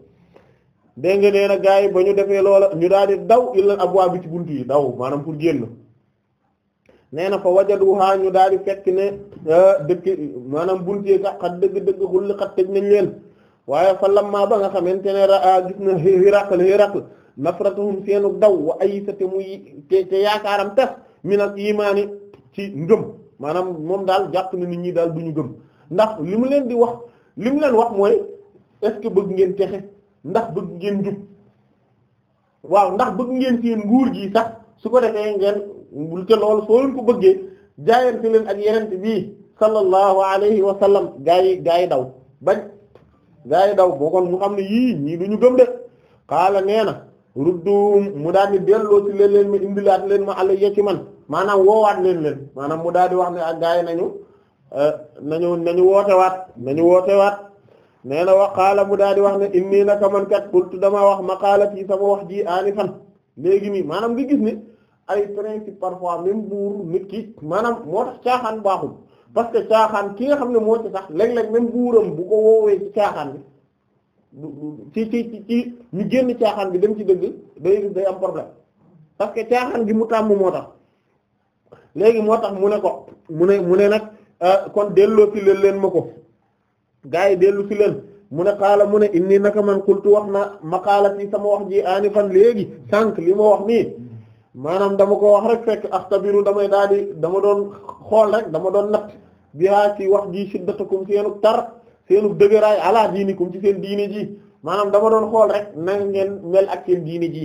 dégg nga nee na gaa yi ba ñu defee loola ñu daal di daw illa abwaab bi ci buntu yi daw maanaam pour génn nee na fa wajaduha ñu daal di fekk ne euh, dëkk maanaam buntu yi xat dëgg-dëgg xulli xat tëj nañ leen waaye fa lamma ba nga xamante ne ah, gis na Hiraql Hiraql nafratuhum seenu daw wa ayisate muy te te yaakaaram tas min al imaani ci ngëm maanaam moom daal jàpp na nit ñi daal du ñu gëm ndax li mu leen di wax li mu leen wax mooy est ce bëgg ngeen texe ndax bëgg ngeen jub waaw ndax bëgg ngeen seen nguur gi sax su ko defee ngeen bul te loolu soo leen ko bëggee jaayante leen ak yenente bii sallallahu alayhi wa sallam gaa yi gaa yi daw bañ gaa yi daw boo kon mu xam ne yii ñii du ñu gëm de xaala nee na ruddum mu daal di delloo ci leen leen ma indilaat leen ma ala yecci man maanaam woowaat leen leen maanaam mu daal di wax ne ak gaay yi nañu euh, nañu nañu woote waat nañu woote waat nee na xaala mu daal di wax ne inni naka man kat qultu damaa wax ma maqaalati sama wax ji aani fan léegi nii maanaam nga gis ne ay principe parfois même buur nit ki maanaam moo tax caaxaan baaxul parce que caaxaan ki nga xam ne moo ci sax léeg-léeg même buuram bu ko woowee ci caaxaan bi ci ci ci ñu génn caaxaan bi dem ci dëgg day day am problème parce que caaxaan gi mu tàmm moo tax léegi moo tax mu ne ko mu ne mu ne nag euh, kon delloo si leen ma ko gaa yi dellu si leen mu ne xaala mu ne inni naka man kultu wax na maqaalati sama wax ji aani fan léegi sànq li ma wax nii maanaam dama ko wax rek fekk axtabiru damay daal di dama doon xool rek dama doon natt bihaa ci wax ji siddatakum seenu tar seenu dëgëraay ala kom ci seen diine ji maanaam dama doon xool rek na ngeen mel ak seen diine ji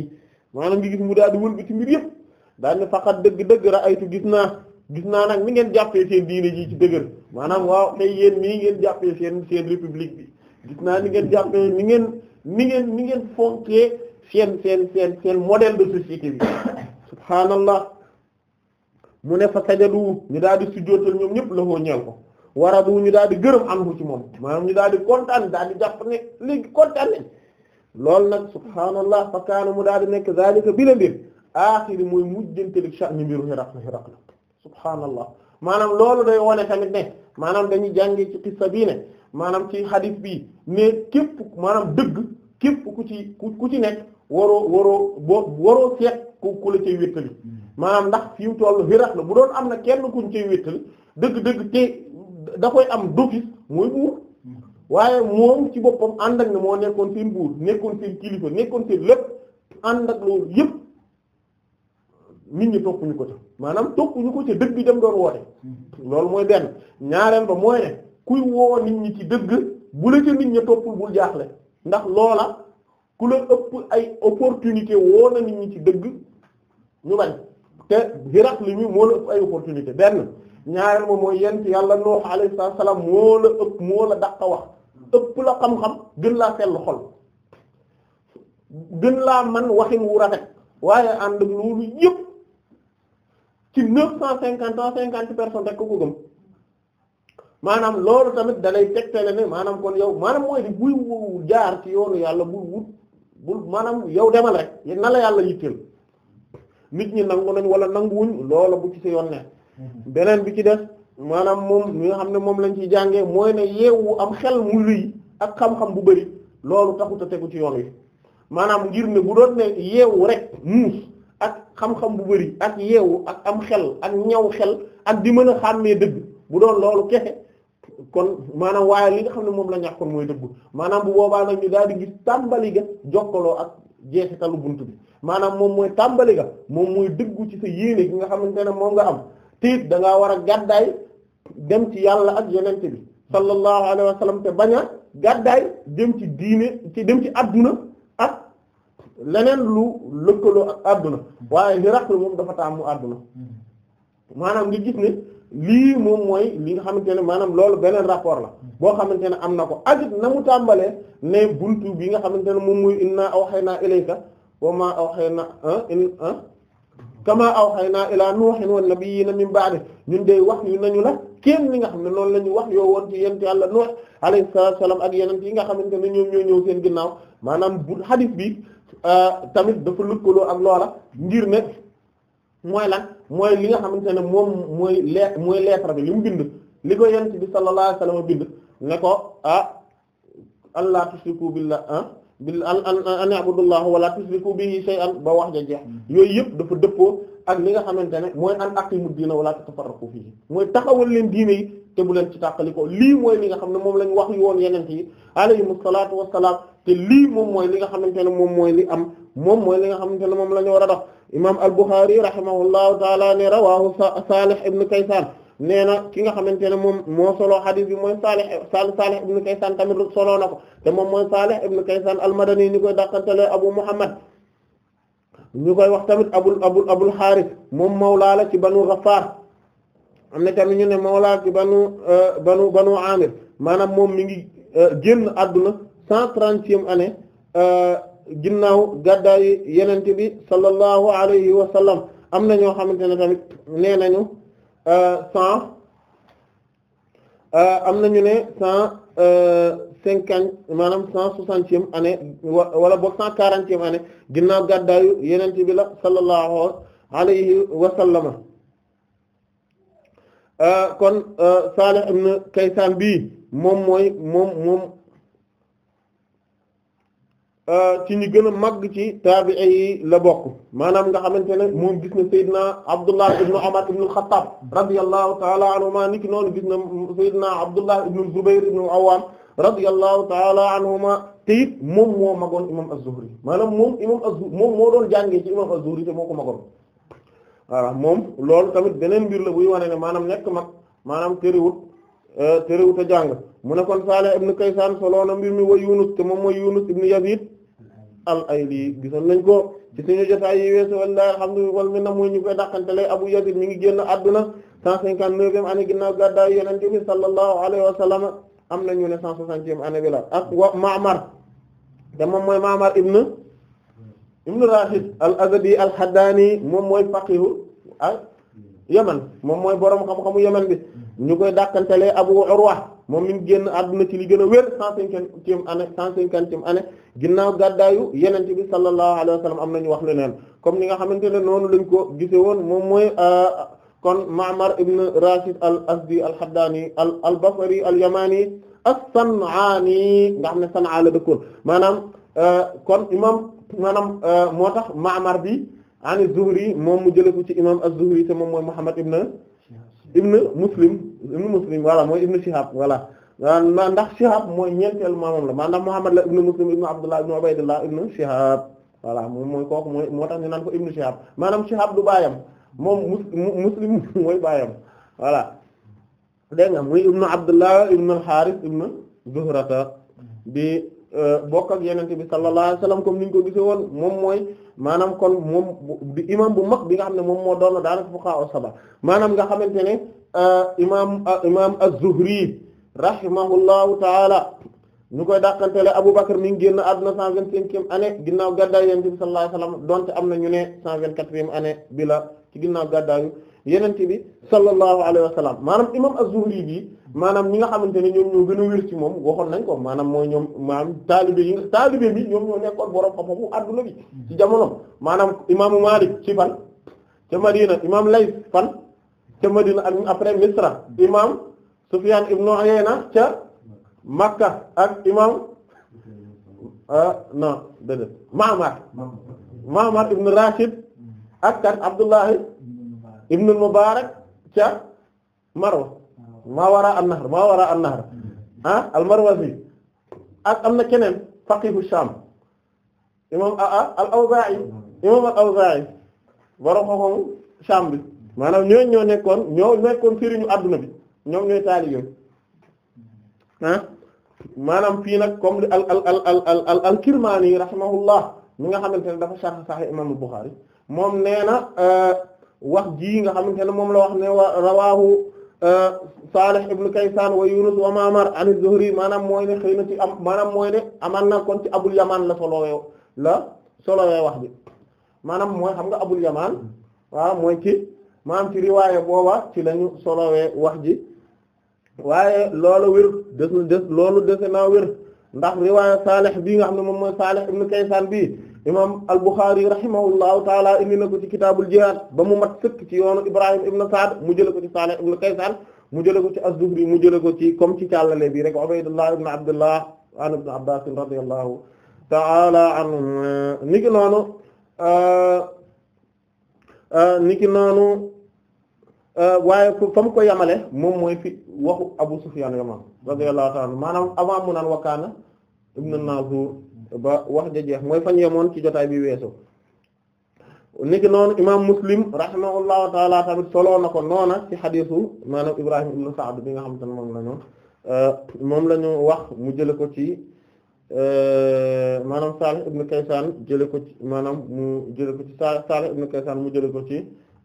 maanaam ngi gis mu daal di wëlbati mbir yëpp daal ne faqat dëgg-dëgg ra aytu gis naa gis naa nag ni ngeen jàppee seen diine ji ci dëgër maanaam waaw tey yéen nii ngeen jàppee seen seen république bi gis naa ni ngeen jàppee ni ngeen ni ngeen ni ngeen fonkee seen seen seen seen modèle de société bi subhaanallah mu ne fa sajadu ñu daal di sujjóotal ñoom ñëpp la koo ñeel ko warabu ñu daal di gërëm am ko ci moom maanaam ñu daal di kontaan daal di jàpp ne léegi kontaan nañ loolu nag subhaanallah fa mu daal di nekk zalika bi la mbir aaxiri mooy mujjante li sha'ni mbiru Hiraqla subhaanallah maanaam loolu day wone tamit ne maanaam dañuy jàngee ci qissa bii ne maanaam ci hadith bii ne képp maanaam dëgg képp ku ci ku ci nekk waroo waroo boo waroo seet ku ku la cay wéttali maanaam ndax fi mu toll xiraat la bu doon am na kenn kuñ cay wéttali dëgg-dëgg te da koy am d'office mooy buur waaye moom ci boppam ànd ak ne moo nekkoon seen buur nekkoon seen kilifa nekkoon seen lépp ànd ak loolu yëpp nit ñi toppuñu ko ca maanaam toppuñu ko ca dëgg bi dem doon woote loolu mooy benn ñaareel ba mooy ne kuy woo nit ñi ci dëgg bu la ca nit ñi toppul bul jaaxle ndax loola ku la ëpp ay opportunité woo na nit ñi ci dëgg ñu bañ te xiraq li moo la ëpp ay opportunité benn ñaareel ba mooy yent yàlla noox alayhi salaam moo la ëpp moo la daq wax ëpp la xam-xam gën laa sell xol gën laa man waxin wu rafet waaye ànd ak loolu yëpp ci neuf cent cinquante ans cinquante personnes rek ko gëm maanaam loolu tamit dalay tegtale ne maanaam kon yow maanaam mooy di buy jaar ci yoonu yàlla bul wut bul maanaam yow demal rek na la yàlla yitteel nit ñi nangu nañ wala nanguwuñ loola bu ci sa yoon ne mm-hmm. beneen bi ci def maanaam moom li nga xam ne moom lañ ciy jàngee mooy ne yeewu am xel mu luy ak xam-xam bu bari loolu taxut a tegu ci yoon wi maanaam ngir ne bu doon ne yeewu rek muus xam-xam bu bari ak yeewu ak am xel ak ñaw xel ak di mën a xàmmee dëgg bu doon loolu kexe kon maanaam waaye li nga xam ne moom la ñàkkoon mooy dëgg maanaam bu boobaa nag ñu daal di gis tàmbali ga jokkaloo ak jeexitalu bunt bi maanaam moom mooy tàmbali ga moom mooy dëggu ci sa yéene gi nga xamante ne moom nga am tiit da ngaa war a gàddaay dem ci yàlla ak yonent bi sallallahu alayhi wa te bañ a gàddaay dem ci diine ci dem ci àdduna leneen lu lëkkaloo ak àdduna waaye Hiraql moom dafa taamu àdduna maanaam ngi gis ne lii moom mooy li nga xamante ne maanaam loolu beneen rapport la boo xamante ne am na ko ajit na mu tàmbalee ne buntu bii nga xamante ne moom mooy inna awhayna aw wa na awhayna ah, in ah, kama awhayna ila nuhin wan nabiyina min ba'di ñun day wax yu nañu la kenn li nga xam ne noonu la ñu wax yoo woon ci yent yàlla Nuh alayhi salaam ak yeneen yi nga xamante ne ñoom ñëw seen ginnaaw maanaam bu hadith bi Euh, tamit dafa lëkkaloo ak loola ngir ne mooy lan mooy li nga xamante ne moom mooy lettre mooy lettre bi li mu bind li ko yent bi sallallahu alayhi wasallam bind ne ko ah allah tushriku billah ah bil an an an abudullah wala tushriku bihi shay'an ba wax ja jeex hmm. yooyu yëpp dafa dëppoo ak li nga xamante ne mooy an aqimu diina wala tatafarraqu fihi mooy taxawal leen diine yi te bu leen ci tàqalikoo lii mooy li nga xam ne moom lañ wax yoon yenente yi alayhim asalatu wassalaam te moom mooy li nga xamante ne moom mooy li am moom mooy li nga xamante ne moom la ñu war a dox imam al-Bukhari rahimahullahu taala ne rawahu Salih ibn Kaysan nee na ki nga xamante ne moom moo solo xadis bi mooy Salih Salih ibn Kaysan tamit soloo na ko te moom mooy Salih ibn Kaysan al-Madani ni koy dàqantele Abu Muhammad ñu koy wax tamit abul abul abul xaaris moom mawlaa la ci banu Ghaffar am na tamit ñu ne mawlaa ci banu euh, banu banu amir maanaam moom mi ngi euh, génn àdduna cent trentième année euh, ginnaaw gàddaayu yenente bi sallallahu alayhi wa sallam am na ñoo xamante ne tamit nee nañu cent am na ñu ne cent cinquante maanaam cent soixantième année wala boog cent quarantième année ginnaaw gàddaayu yenente bi la sallallahu alayhi wa sallama euh, kon euh, Salih ibn Kaysan bii moom mooy moom moom euh, ci ñi gën a màgg ci taabi'i yi la bokk maanaam nga xamante moom gis na Seydina Abdullah ibn Umar ibn al-Khattab radiyallahu ta'ala anhuma niki noonu gis na Abdullah ibn Zubayr ibn al radiyallahu taala anhuma te it moom moo magoon imam az-Zuhri maanaam moom imam az-Zuhri moom moo doon jàngee ci imam az te moo ko magoon moom loolu tamit beneen mbir la buy wane ne maanaam nekk mag maanaam terewut euh, terewut a jàng mu nekkoon kon Salih ibn Kaysan solo na mbir mi wa Yunus te moom mooy Yunus ibn Yazid al-Ayli gisoon nañ ko ci suñu jotaay yi weesu wallahi alhamdu wal minna muy ñu koy dàqantele Abu Yazid mi ngi génn adduna 159e année ginnaaw gàddaay am na ñu ne cent soixantième année bi la ak wa Ma'mar te moom mooy Ma'mar ibn ibn Rashid al-Azdi al-Haddani moom mooy faqihu ak Yaman moom mooy borom xam-xamu Yaman bi ñu koy dàqantelee Abu Urwa moom mi génn àdduna ci li gën a wér cent cinquantième année cent cinquantième année ginnaaw gàddaayu yenente bi sallallahu alayhi wa am na ñu wax leneen comme ni nga xamante ne noonu lañ ko gise woon moom mooy euh, kon Ma'mar ibn Rashid al Asdi al Haddani al al Basri al Yamani as-San'ani nga xam ne San'a la dëkkoon maanaam euh, kon imam maanaam euh, moo tax Ma'mar bi an az-Zuhri moom mu jëlee ci imam az-Zuhri te moom mooy Muhammad ibn ibn Muslim ibn Muslim voilà mooy ibn Shihab wala ma ndax Shihab mooy ñeenteel moom la ma ndax Muhammad la ibn Muslim ibn Abdullah ibn Ubaydullah ibn Shihab voilà moom mooy kooku mooy moo tax ñu naan ko ibn Shihab maanaam Shihab du baayam moom muslim mooy baayam voilà dégg nga muy ibnu abdullah ibnu al-Harith ibnu Zuhrata di euh, bokk ak yenente bi sallallahu alayhi wasallam comme ni ñu ko gisee woon moom mooy maanaam kon moom di imam bu mag bi nga xam ne moom moo doon daanaka fuqaha saba maanaam nga xamante ne euh, imam euh, imam az-Zuhri rahimahullahu taala ñu koy dàqantele Abu Bakr mi ngi génn àdduna cent vingt-cinquième année ginnaaw gàddaay yenente bi sallallahu alayhi wasallam donte am na ñu ne cent vingt-quatrième année bi ci ginnaaw gàddaayu yenente bi sallallahu alayhi wa sallam maanaam imam az-Zuhri bi maanaam ñi nga xamante ne ñoom ñoo gën a wér ci moom waxoon nañ ko maanaam mooy ñoom maanaam taalibe yi taalibe bi ñoom ñoo nekkoon borom xam-xamu adduna bi ci jamonom maanaam imaamu Maalik ci fan ca Madina imam Layth fan ca Madina ak après Misra imam Sufyan ibn Uyayna ca Makka ak imam ah non déedéet Ma'mar Ma'mar ibn Rashid ak kan Abdullahi ibn al-Mubarak ca Marwa maa wara an-nahr maa wara an-nahr ah al-Marwazi am na keneen faqihu Sham imam aa ah, ah, al-Awza'i imam al-Awza'i borom xam Sham bi maanaam ñooñu ñoo nekkoon ñoo nekkoon firiñu adduna bi ñoom ñooy taali yooyu ah maanaam fii nag comme li al al al al al al Kirmani rahimahullah mi nga xamante ne dafa sharh Sahih imam al-Bukhari moom nee na euh, wax jii nga xamante ne moom la wax ne wa rawahu euh, Salih ibn Kaysan wa Yunus wa Ma'mar an zuhri maanaam mooy ne xëy ci am maanaam mooy ne amaan na kon ci Abul Yaman la solowee la solowee wax bi maanaam mooy xam nga Abul Yaman waaw mooy ci maanaam ci riwaaye booba ci lañu solowee wax ji waaye loolu wér des des loolu dese naa wér ndax riwaaye Salih bii nga xam ne moom mooy Salih ibn Kaysan bii imam al-Bukhari rahimahullahu taala indi na ko ci kitaabul jihaad ba mu mat sëkk ci yoonu Ibrahim ibn Saad mu jële ko ci Salih ibn Kaysan mu jële ko ci az-Zuhri mu jële ko ci comme ci càllale bi rek Ubaydullah ibn Abdullah an ibn Abbas radiyallahu taala anhu niki noonu euh, euh, niki noonu euh, waaye fa mu ko yamale moom mooy fi waxu Abu Sufyan yamam radiyallahu taala maanaam avant mu naan wakkaana ibn Nazur ba wax ja jeex mooy fañ yemoon ci jotaay bi weesu niki noonu imaam muslim rahimahullahu taala tamit soloo na ko noona ci xadisu maanaam ibrahim ibn Sa'd bi nga xam te ne moom la euh, moom la wax mu jële ko ci euh, maanaam Salih ibn Kaysan jële ko ci maanaam mu jële ko ci Salih ibn Kaysan mu jële ko ci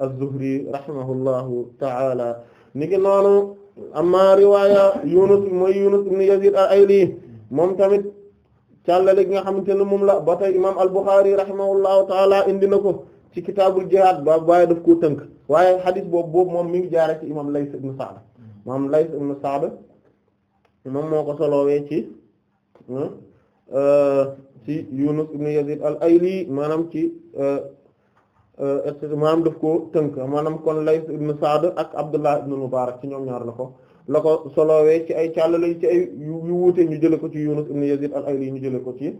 az-Zuhri rahimahullahu taala niki noonu amma riwaya Yunus mooy Yunus ibn Yazid al moom tamit càllale gi nga xamante ne moom la ba tey imam al-Bukhari rahimahullahu taala indi na ko ci kitaabul jihaad ba waaye daf koo tënk waaye xadis boobu boobu moom mi ngi jaare ci imam Lays ibn Sa'd imam Lays ibn moom moo ko soloowee ci hmm, euh, ci Yunus ibn Yazid al-Ayli maanaam ci euh, euh, maanaam def ko tënk maanaam kon Lays ibn Sa'd ak Abdullah ibn Mubarak ci ñoom ñaar la ko la ko solowee ci ay càllale ci ay yu wuute ñu jële ko ci Yunus ibn Yazid al-Ayli ñu jële ko ci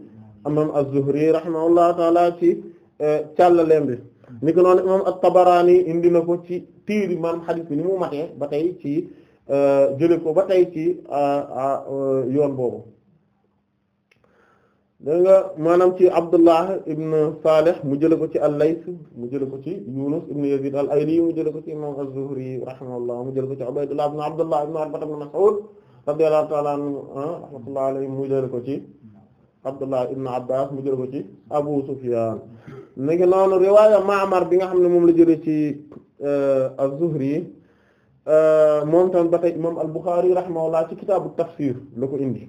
imam az-Zuhri rahimahullahu taala ci eh, càllaleem bi ni ko noonu imam at-Tabarani indi na ko ci tiiri man xadis bi ni mu matee ba tey ci eh, jële ko ba tey ci eh, yoon boobu dégg nga maanaam ci Abdullah ibn Salih mu jële ko ci al-Layth mu jële ko ci Yunus ibn Yazid al-Ayli mu jële ko ci imam az-Zuhri rahimahullah mu jële ko ci Ubaydullah ibn Abdullah ibn Arbat ibn Mas'ud radiyallahu ta'ala anhu ah, rahmatullahi alayhi mu jële ko ci Abdullah ibn Abbas mu jële ko ci Abu Sufyan nagi noonu riwaya Ma'mar bi nga xam ne moom la jële ci eh, az-Zuhri eh, moom tamit ba tey imam al-Bukhari rahimahullah ci kitaabu tafsir la ko indi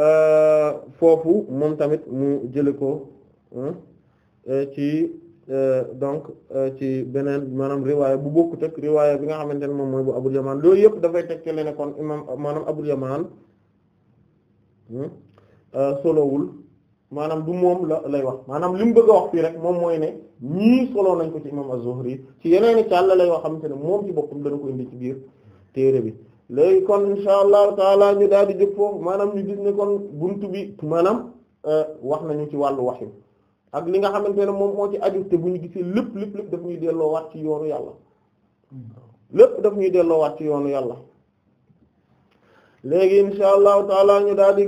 Euh, foofu moom tamit mu jële ko euh, ci euh, donc ci beneen maanaam riwaaya bu bokkut ak riwaaya bi nga xamante ne moom mooy bu Abul Yamaan loolu yëpp dafay tegtale ne kon imam maanaam Abul Yamaan solowul maanaam du moom la lay wax maanaam li mu bëgg a wax fii rek moom mooy ne ñii solo nañ ko ci imam Az-Zuhri ci yeneen i càll lay wax xamante ne moom ci boppam dana ko indi ci biir téere bi léegi kon insha allahu taala ñu daal di jóg foofu maanaam ñu gis ne kon buntu bi maanaam euh, wax nañu ci wàllu wax ak li nga xamante ne moom moo ci aju te bu ñu gisee lépp lépp daf ñuy delloo waat ci yoonu yàlla lépp daf ñuy delloo waat ci yoonu yàlla léegi insha allahu taala ñu daal